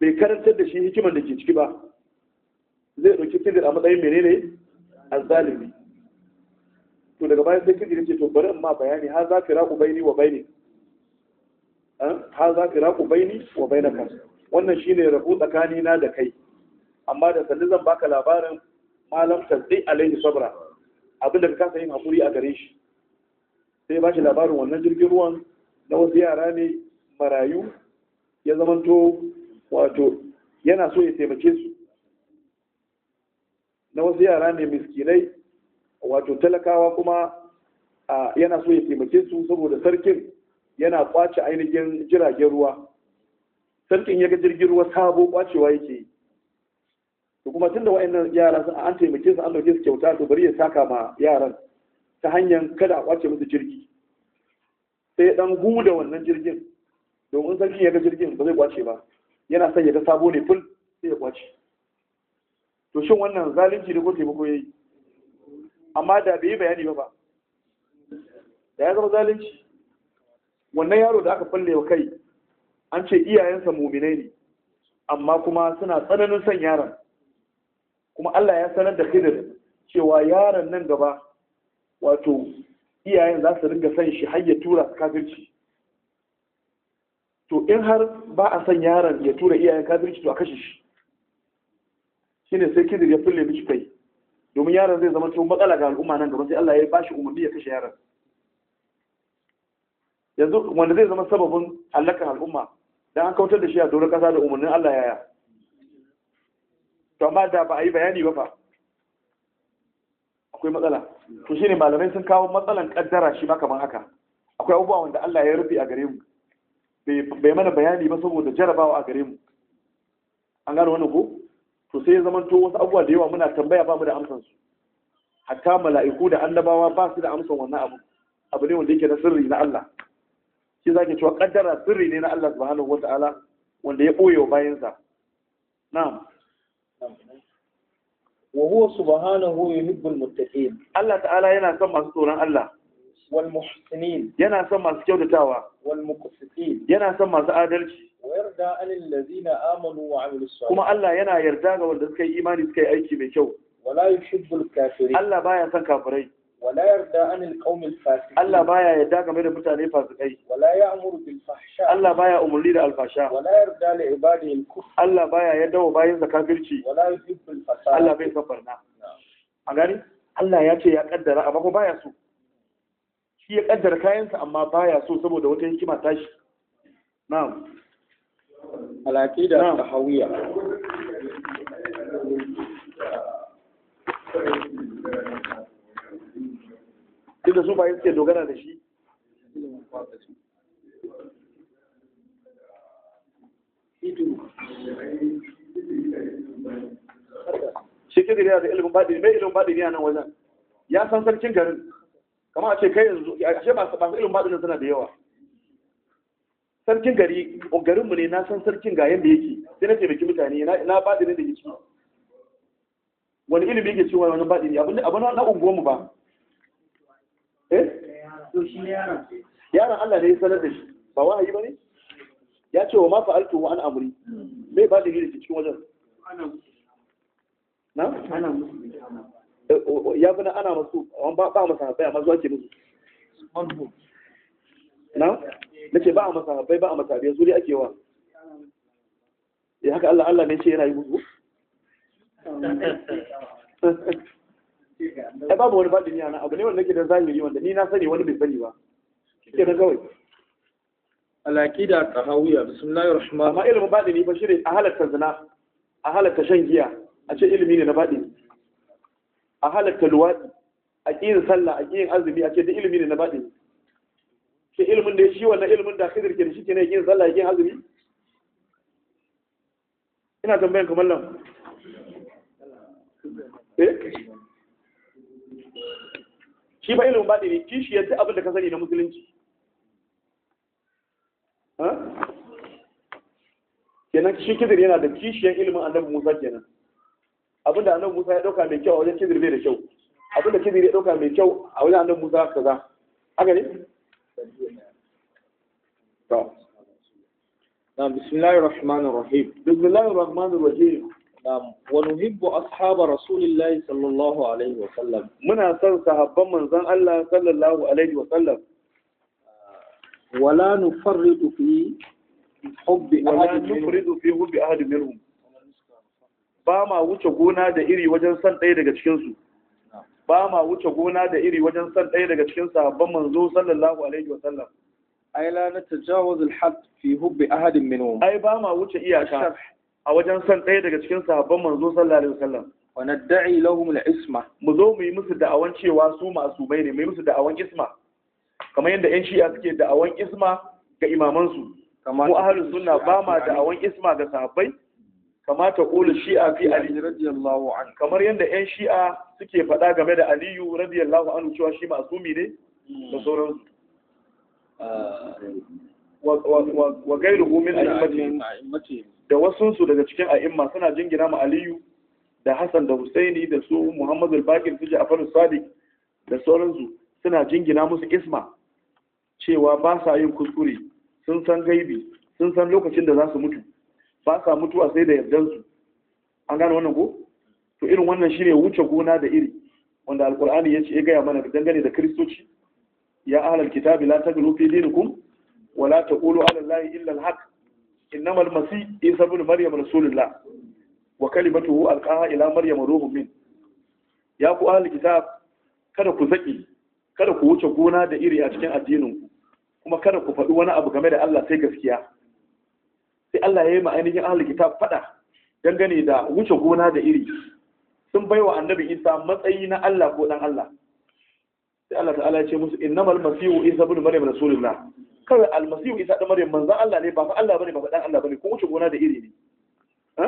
bai karantar da shi hikimar da ke ciki ba zai ɗauki khidir a matsayin menene azzalimi to daga baya sai kiji ce to bari amma bayani har za ki raku baini wa baini har za ki raku baini wa ka wannan shine rabu tsakani na da kai amma da sanin zan baka labarin malam tasdi alaihi sabra abinda ka kasa yin hakuri a gare shi sai ba shi labarin wannan jirgin ruwan na wasu yara ne marayu ya zamanto wato yana so ya taimake su na wasu yara ne miskinai wato talakawa kuma yana so ya taimake su saboda sarkin yana kwace ainihin jiragen ruwa sarkin ya ga jirgin ruwa sabo kwacewa yake yi to kuma tunda wa'annan yaran an taimake su an dauke su kyauta to bari ya saka ma yaran ta hanyar kada a kwace musu jirgi sai ya dan huda wannan jirgin domin sarkin ya ga jirgin ba zai kwace ba yana son ya ga sabo ne ful sai ya kwace to shin wannan zalunci ne ko taimako yayi amma da bai yi bayani ba ba da ya zama zalunci wannan yaro da aka falle wa kai an ce iyayensa muminai ne amma kuma suna tsananin son yaron kuma Allah ya sanar da Khidir cewa yaron nan gaba wato iyayen za su ringa son shi har ya tura su kafirci to in har ba a son yaron ya tura iyayen kafirci to a kashe shi shine sai Khidir ya fulle miki kai domin yaron zai zama cikin matsala ga al'umma nan gaba sai Allah ya bashi umarni ya kashe yaron yanzu wanda zai zama sababin halakar al'umma dan an kautar da shi a doron kasa da umarnin Allah yaya to amma da ba a yi bayani ba fa akwai matsala to shine malamai sun kawo matsalan kaddara shi ba kamar haka akwai abubuwa wanda Allah ya rufe a gare mu bai mana bayani ba saboda jarabawa a gare mu an gano wannan ko to sai ya zamanto wasu abubuwa da yawa muna tambaya ba mu da amsan su hatta mala'iku da annabawa ba su da amsan wannan abu abu ne wanda yake na sirri na Allah shi zaki cewa kaddara sirri ne na Allah subhanahu wata'ala wanda ya boye wa bayansa na'am wa huwa subhanahu yuhibbul muttaqin Allah ta'ala yana son masu tsoron Allah wal muhsinin yana son masu kyautatawa wal muqsitin yana son masu adalci wa yarda alil ladina amanu wa amilus salih kuma Allah yana yarda ga wanda suka yi imani suka yi aiki mai kyau wala yuhibbul kafirin Allah baya son kafirai wala yarda anil qaumil fasiqin Allah baya yarda game da mutane fasikai wala ya'muru bil fahsha Allah baya umurni da alfasha wala yarda li ibadihi al kufr Allah baya yarda wa bayin wala Allah bai barna a gani Allah ya ce ya ƙaddara. amma baya so shi ya kaddara kayansa amma baya so saboda wata hikima tashi na'am al'aqida aqida tahawiyya duk da su bayan suke dogara da shi shi ke da ilimin baɗi mai ilimin baɗi ne a nan wajen ya san sarkin garin kamar a ce kai yanzu a ce masu masu ilimin baɗin suna da yawa sarkin gari garinmu ne na san sarkin ga yadda yake sai na taimaki mutane na ne da yake ciki wani ilimi yake cewa wani baɗi ne abu na unguwanmu ba eh yaron Allah ne ya sanar da shi ba wahayi ba ne ya ce wa ma fa'altu wa an amri mai baɗi ne da cikin wajen na ya fi ana masu ba a masa habai amma zuwa ke musu na ce ba a masa habai ba a masa habai zuri ake wa ya eh, haka Allah Allah ne ce yana yi musu ai babu wani baɗin yana abu ne wanda ke da zahiri wanda ni na sani wani bai sani ba ke na kawai da tahawiyya bismillahir rahmanir rahim amma ilimin baɗini ba shi ne a halatta zina a halatta shan giya a ce ilimi ne na baɗini a halatta luwaɗi a ƙin sallah a ƙin azumi a ce duk ilimi ne na baɗi shi ilimin da shi wannan ilimin da khidir ke da shi ke ne ƙin sallah ƙin azumi ina tambayan kamar nan eh? shi ba ilimin baɗi ne kishi yadda abin da ka sani na musulunci kenan shi kidir yana da kishiyar ilimin annabi musa kenan Abin da annabi Musa ya dauka mai kyau a wajen Khidir bai da kyau Abin da Khidir ya dauka mai kyau a wajen annabi Musa kaza haka ne to na bismillahir rahmanir rahim bismillahir rahmanir rahim Na'am, wa nuhibbu ashaba Rasulillahi sallallahu alaihi wa sallam. Muna son sahabban manzon Allah sallallahu alaihi wa sallam. Wala nufarridu fi hubbi ahadin minhum. Wala nufarridu fi hubbi ahadin minhum. ba ma wuce gona da iri wajen san ɗaya daga cikinsu ba ma wuce gona da iri wajen san ɗaya daga cikin sahabban manzo sallallahu alaihi wa sallam ai la natajawaz al-had fi hubbi ahadin minhum ai ba ma wuce iyaka a wajen san ɗaya daga cikin sahabban manzo sallallahu alaihi wa sallam wa nad'i lahum al-isma mu zo mu yi musu da'awan cewa su masu bai ne mu yi musu da'awan isma kamar yadda yan shi'a suke da'awan isma ga imamansu mu ahlus sunna ba ma da'awan isma ga sahabbai kamata ta shi'a fi ali radiyallahu an kamar yadda yan shi'a suke faɗa game da aliyu radiyallahu an cewa shi ma'asumi ne da sauransu wa gairuhu min a'immati da su daga cikin a'imma suna jingina ma aliyu da hassan da husaini da su muhammadu al-bakir su ja'far sadiq da sauransu suna jingina musu isma cewa ba sa yin kuskure sun san gaibi sun san lokacin da za su mutu ba sa mutuwa sai da yardansu an gane wannan ko to irin wannan shine wuce gona da iri wanda alkur'ani ya ce ya gaya mana dangane da kristoci ya ahlal kitabi la taglu fi dinikum wa la taqulu ala allahi illa alhaq innamal masih isa ibn maryam rasulullah wa kalimatuhu alqaha ila maryam ruhun min ya ku ahlul kitab kada ku zaki kada ku wuce gona da iri a cikin addinin ku kuma kada ku faɗi wani abu game da Allah sai gaskiya sai Allah ya yi ma'ainihin ahalin kitab faɗa dangane da wuce gona da iri sun bai wa annabi isa matsayi na Allah ko ɗan Allah sai Allah ta'ala ya ce musu innamal masihu isa bin maryam rasulullah kawai almasihu isa da maryam manzan Allah ne ba fa Allah bane ba fa dan Allah bane ko wuce gona da iri ne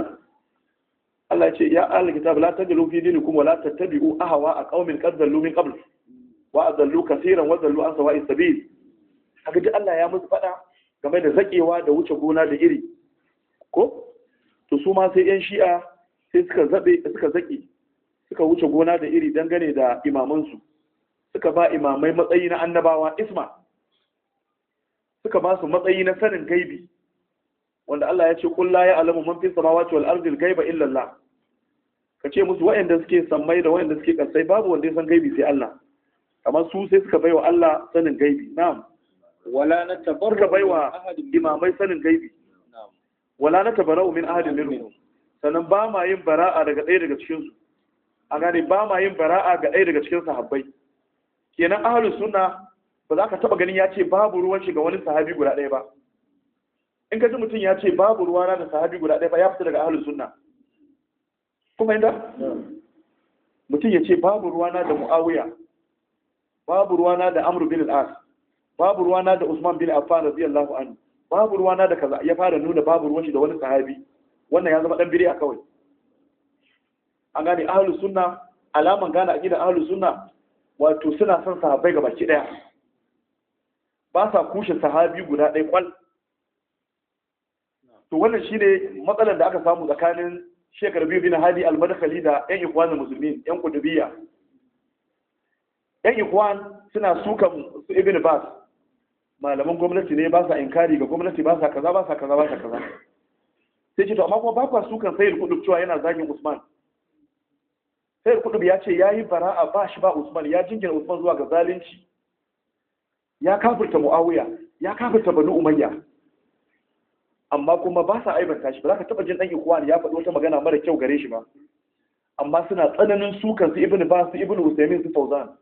Allah ya ce ya ahlul kitab la tajlu fi dinikum wa la tattabi'u ahwa qaumin qad dallu min qabl wa adallu kaseeran wa dallu an sawa'i sabil haka ji Allah ya musu faɗa game da zakewa da wuce gona da iri ko to su ma sai yan shi'a sai suka zabe suka zaki suka wuce gona da iri dangane da imamansu suka ba imamai matsayi na annabawa isma suka ba su matsayi na sanin gaibi wanda Allah ya ce la ya alamu man fi samawati wal ardi al gaiba illa Allah kace musu waɗanda suke sammai da waɗanda suke kasai babu wanda ya san gaibi sai Allah kamar su sai suka baiwa Allah sanin gaibi na'am wala na tabarra baiwa imamai sanin gaibi wala na tabara min ahadin minhum sannan ba ma yin bara'a daga ɗaya daga cikin su a gane ba ma yin bara'a ga ɗaya daga cikin sahabbai kenan ahlus sunna ba za ka taba ganin ya ce babu ruwan shi ga wani sahabi guda ɗaya ba in ka ji mutum ya ce babu ruwa na da sahabi guda ɗaya ba ya fita daga ahlus sunna kuma inda mutum ya ce babu ruwa na da muawiya babu ruwa na da amr bin al-as babu ruwa na da usman bin affan radiyallahu anhu babu ruwa na da kaza ya fara nuna babu ruwan shi da wani sahabi wannan ya zama dan a kawai an gane ahlu sunna alaman gane gidan ahlu sunna wato suna son sahabbai ga baki daya ba sa kushe sahabi guda ɗaya kwal to wannan shine matsalar da aka samu tsakanin shekaru biyu bin hadi al da yan ikwan musulmin yan kudubiya yan ikwan suna sukan su ibn bas malaman gwamnati ne ba sa inkari ga gwamnati ba sa kaza ba sa kaza ba sa kaza sai ce to amma kuma ba kwa sukan sayar kudu cewa yana zagin usman sayar kudu ya ce ya yi bara'a ba shi ba usman ya jingina usman zuwa ga zalunci ya kafirta mu'awiya ya kafirta banu umayya amma kuma ba sa aibanta shi ba za ka taba jin dan ikhwan ya faɗi wata magana mara kyau gare shi ba amma suna tsananin sukan su ibnu ba su ibnu usaymin su fauzan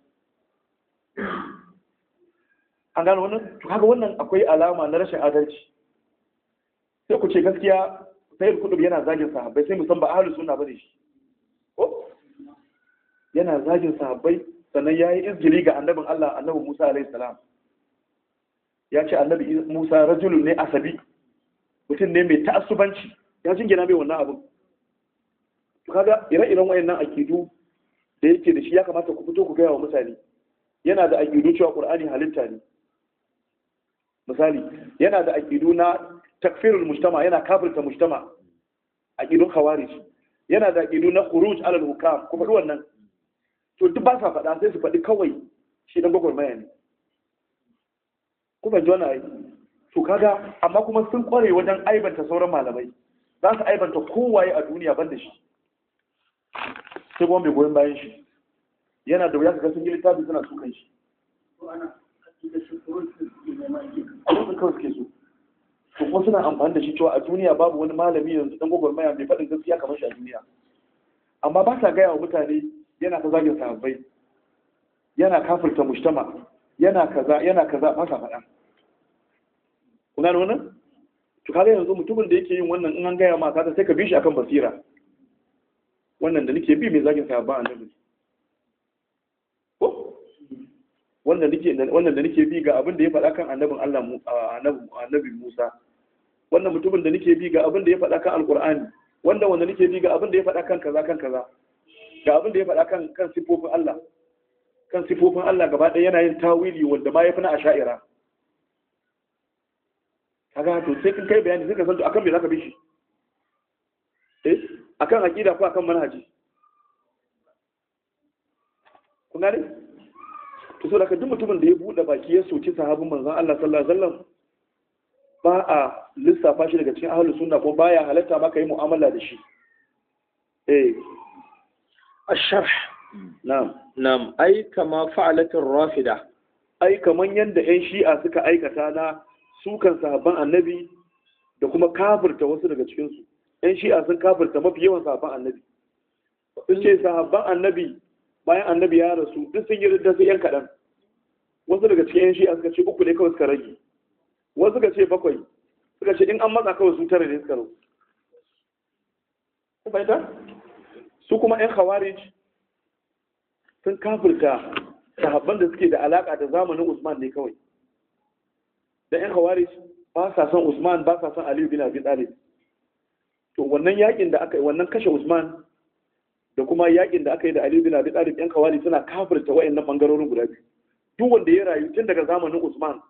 an gano wannan to wannan akwai alama na rashin adalci sai ku ce gaskiya sayyid kudub yana zagin sahabbai sai musamman ahlus sunna bane shi ko yana zagin sahabbai sannan yayi izgiri ga annabin Allah annabi Musa alaihi salam ya ce annabi Musa rajulun ne asabi mutum ne mai ta'assubanci ya jingina mai wannan abu to kaga ire-iren wayannan akidu da yake da shi ya kamata ku fito ku gaya wa mutane yana da aƙidu cewa ƙur'ani halitta ne misali yana da aƙidu na takfirul mujtama yana kafirta mujtama aƙidun khawarij yana da aƙidu na khuruj alal hukam ku faɗi wannan to duk ba sa faɗa sai su faɗi kawai shi dan gwagwarmaya ne ku ban wani aiki to kaga amma kuma sun kware wajen aibanta sauran malamai za su aibanta kowaye a duniya ban da shi sai kuma mai goyon bayan shi yana da wuya ka ga sun yi littafi suna sukan shi abin kawai suke so to kuma suna amfani da shi cewa a duniya babu wani malami yanzu dan gwagwarmaya mai faɗin gaskiya kamar shi a duniya amma ba sa gaya wa mutane yana ta zagin sahabbai yana kafirta mujtama yana kaza yana kaza ba ta faɗa kuna da wannan to kaga yanzu mutumin da yake yin wannan in an gaya ma ta sai ka bi shi akan basira wannan da nake bi mai zagin sahabba annabi wannan da nake bi ga abin da ya faɗa kan annabin Allah annabi Musa wannan mutumin da nake bi ga abin da ya faɗa kan alqur'ani wannan wanda nake bi ga abin da ya faɗa kan kaza kan kaza ga abin da ya faɗa kan kan sifofin Allah kan sifofin Allah gaba ɗaya yana yin tawili wanda ma yafi na asha'ira kaga to sai kin kai bayani sai ka san to akan me zaka bi shi eh akan aqida ko akan manhaji kun gane so daga duk mutumin da ya buɗe baki ya soki sahabin manzon Allah sallallahu alaihi wasallam ba a lissafa shi daga cikin ahlus sunna ko baya halatta maka yi mu'amala da shi eh sharh na'am na'am ai kama fa'alat rafida ai kaman yanda yan shi'a suka aikata na sukan sahabban annabi da kuma kafirta wasu daga cikin su yan shi'a sun kafirta mafi yawan sahabban annabi sun ce sahabban annabi bayan annabi ya rasu duk sun yi ridda su yan kaɗan wasu daga cikin yan shi'a suka ce uku ne kawai suka rage wasu suka ce bakwai suka ce in an matsa kawai su tare ne suka rage ku fahimta su kuma yan khawarij sun kafirta sahabban da suke da alaka da zamanin Usman ne kawai da yan khawarij ba sa son Usman ba sa son Aliyu bin Abi Talib to wannan yakin da aka yi wannan kashe Usman da kuma yakin da aka yi da Aliyu bin Abi Talib yan khawarij suna kafirta wayannan bangarorin guda biyu duk wanda ya rayu tun daga zamanin Usman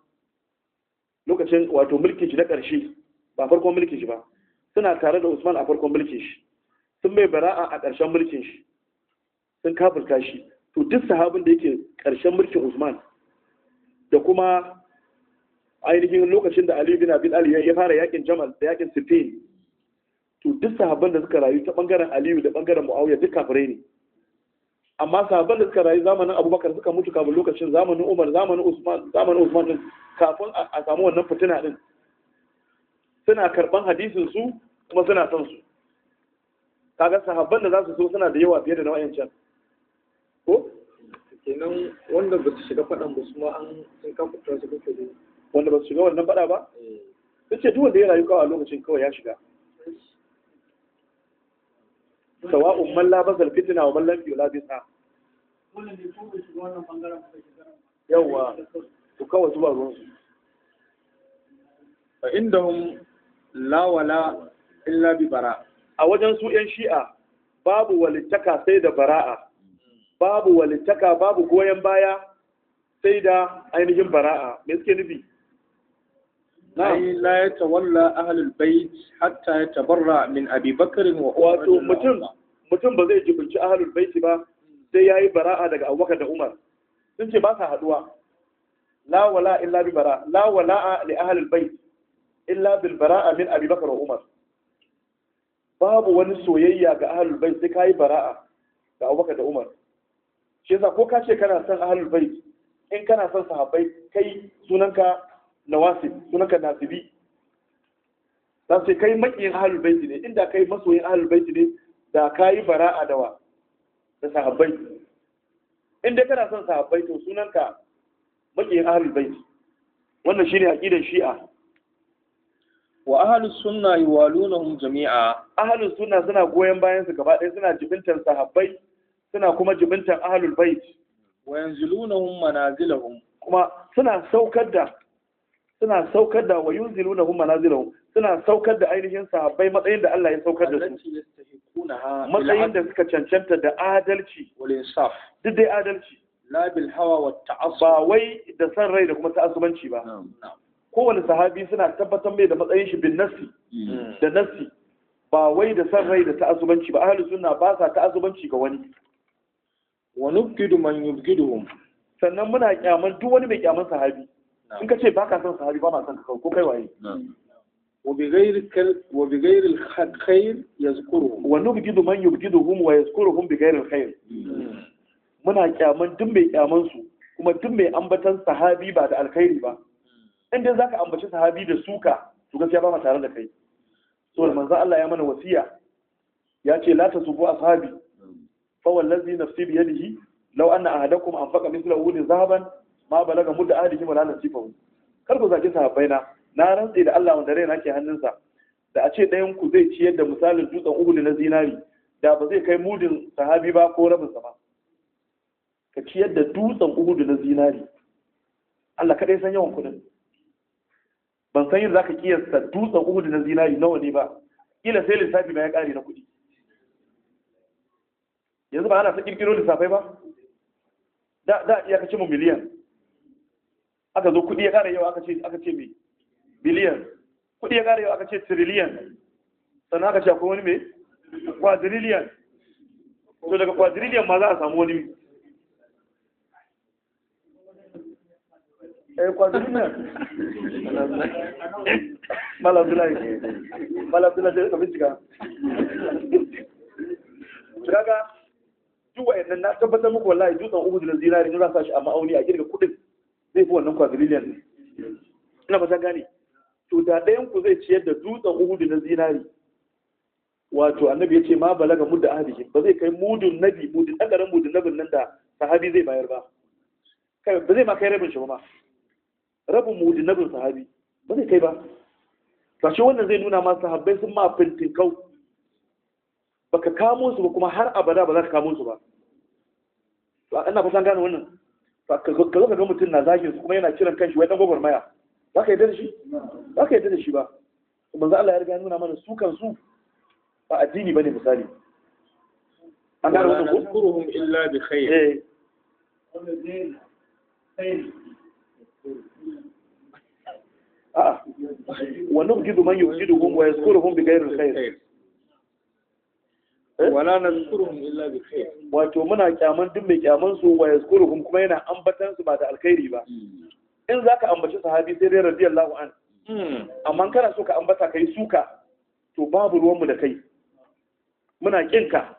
lokacin wato mulkin shi na ƙarshe ba farkon mulkin shi ba suna tare da Usman a farkon mulkin shi sun mai bara'a a ƙarshen mulkin shi sun kafirta shi to duk sahabin da yake ƙarshen mulkin Usman da kuma ainihin lokacin da Ali bin Abi Talib ya fara yakin Jamal da yakin Siffin to duk sahabban da suka rayu ta bangaren Aliyu da bangaren Muawiya duk kafirai ne amma sahabban da suka rayu zamanin abubakar suka mutu kafin lokacin zamanin umar zamanin usman zamanin usman din kafin a samu wannan fitina din suna karban hadisin su kuma suna son su kaga sahabban da za su so suna da yawa fiye da nau'in can ko kenan wanda ba su shiga faɗan ba su ma an sun kafuta su kake wanda ba su shiga wannan faɗa ba eh. sai ce duk wanda ya rayu kawai a lokacin kawai ya shiga sawa'un man labasal fitina wa man lam yulabisa yawa ku kawai zuwa ruwan su fa indahum la wala illa bi bara a wajen su yan shi'a babu walittaka sai da bara'a babu walittaka babu goyon baya sai da ainihin bara'a me suke nufi ai la ya tawalla ahlul bait hatta ya tabarra min abi bakr wa wato mutum mutum ba zai jibinci ahlul bait ba sai yayi bara'a daga abubakar da umar sun ce ba sa haduwa la wala illa bi bara la wala li ahlul bait illa bil bara'a min abi bakr wa umar babu wani soyayya ga ahlul bait sai kai bara'a ga abubakar da umar shi yasa ko ka ce kana son ahlul bait in kana son sahabbai kai sunanka Nawasi, sunanka nasibi za su kai makiyin ahlul baiti ne inda kai masoyin ahlul baiti ne da kayi bara'a da wa da sahabbai inda kana son sahabbai to sunanka makiyin ahlul baiti wannan shine aqidar shi'a wa ahlus sunna yuwalunahum jami'a ahlus sunna suna goyen bayan su gaba ɗaya suna jibintar sahabbai suna kuma jibintar ahlul bait wa yanzilunahum manazilahum kuma suna saukar da suna saukar da wayun zilu na hun manazilahun suna saukar da ainihin sahabbai matsayin da Allah ya saukar da su matsayin da suka cancanta da adalci duk dai adalci labil hawa wa ta'assub ba wai da san rai da kuma ta'asubanci ba kowane sahabi suna tabbatar mai da matsayin shi bin Nasi. Mm. da nasi. ba wai da san rai da ta'asubanci ba ahlus suna ba sa ta'asubanci ga wani Wani gidu man gidu. sannan muna kyaman duk wani mai kyaman sahabi in ka ce ba ka son sahabi ba ma son ka ko kai waye Wa وبغير وبغير الخير يذكرهم ونبغض من يبغضهم ويذكرهم بغير الخير muna kyaman duk mai kyaman su kuma duk mai ambatan sahabi ba da alkhairi ba hmm. in dai zaka ambaci sahabi da suka to gaskiya ba ma tare da kai so hmm. manzo Allah ya mana wasiya ya ce la tasubu ashabi hmm. fa wallazi nafsi bi yadihi law anna ahadakum anfaqa mithla uhudin zahaban ma balaga mudda ahlihi wala nasifahu kar ku zaki sahabbai na na rantse da Allah wanda raina ke hannunsa da a ce ɗayan ku zai ciyar da misalin dutsen uhudu na zinari da ba zai kai mudin sahabi ba ko rabin ba ka ciyar da dutsen uhudu na zinari Allah kaɗai san yawan kudin ban san yadda za ka kiyasta dutsen uhudu na zinari nawa ne ba ƙila sai lissafi ba ya ƙare na kuɗi yanzu ba ana ta ƙirƙiro lissafai ba da da iya kace mu miliyan aka zo kudi ya kare yawa aka ce aka ce me billion kudi ya kare yawa aka ce trillion sannan aka ce akwai wani me quadrillion to daga quadrillion ma za a samu wani eh quadrillion mala abdullahi mala abdullahi da ka bincika kaga duk wa'annan na tabbatar muku wallahi dutsen uhudu zinari ne za sa shi a ma'auni a girga zai fi wannan quadrillion ne ina fata gane to da ɗayan ku zai ciyar da dutsen uhudu na zinari wato annabi ya ce ma balaga mudda ahadihim ba zai kai mudun nabi mudun dagaran mudun nabin nan da sahabi zai bayar ba kai ba zai ma kai rabin shi ba ma rabin mudun nabin sahabi ba zai kai ba to shi wannan zai nuna ma sahabbai sun ma fintin kau baka kamo su ba kuma har abada ba za ka kamo su ba to ana fatan gane wannan ka zo ka ga mutum na zagin su kuma yana kiran kanshi wai dan gwagwarmaya Ba ka yarda da shi ba, ka yarda da shi ba manzo Allah ya riga nuna mana su kansu ba addini bane misali an gane wannan ko kuruhum illa bi khair eh a'a wa nubghidu man yubghiduhum wa yazkuruhum bi ghairi khair wala na nazkuruhum illa bi khair wato muna kyaman duk mai kyaman su wa yazkuruhum kuma yana ambatan su ba da alkhairi ba hmm. in zaka ambaci sahabi sai dai radiyallahu an hmm. amma kana so ka ambata kai suka to babu ruwan mu da kai muna kinka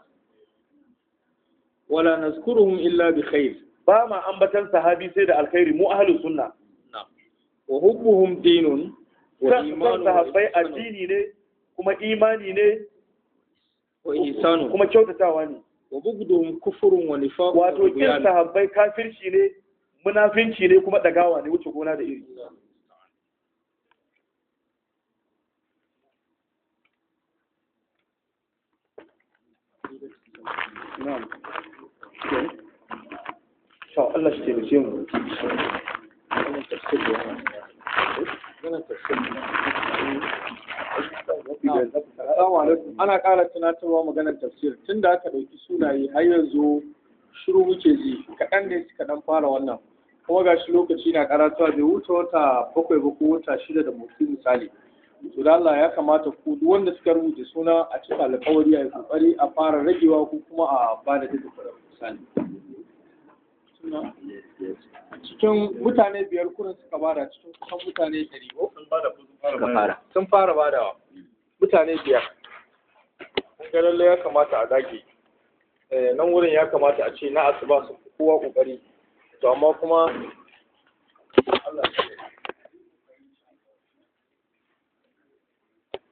wala nazkuruhum illa bi khair ba ma ambatan sahabi sai da alkhairi mu ahlus sunna wa hubbuhum dinun wa imanun sahabbai addini ne kuma imani ne kuma kyautatawa ne wa bugdum kufurin wani nifaqun wato kin sahabbai kafirci ne munafinci ne kuma dagawa ne wuce gona da iri Na'am. Allah shi ce mu. ana ƙara tunatarwa maganar tafsir tun da aka ɗauki sunaye har yanzu shiru muke ji kaɗan ne suka ɗan fara wannan kuma ga shi lokaci na karatuwa bai wuce wata bakwai ba ko wata shida da mutum misali to da Allah ya kamata ku duk wanda suka rubuta suna a cika alƙawari a yi kokari a fara ragewa ko kuma a bada da misali cikin mutane biyar kurin suka bada cikin kusan mutane ɗari ko sun fara badawa mutane biyar kun ga lallai ya kamata a dage eh, nan wurin ya kamata a ce na asuba su kowa kokari to amma kuma Allah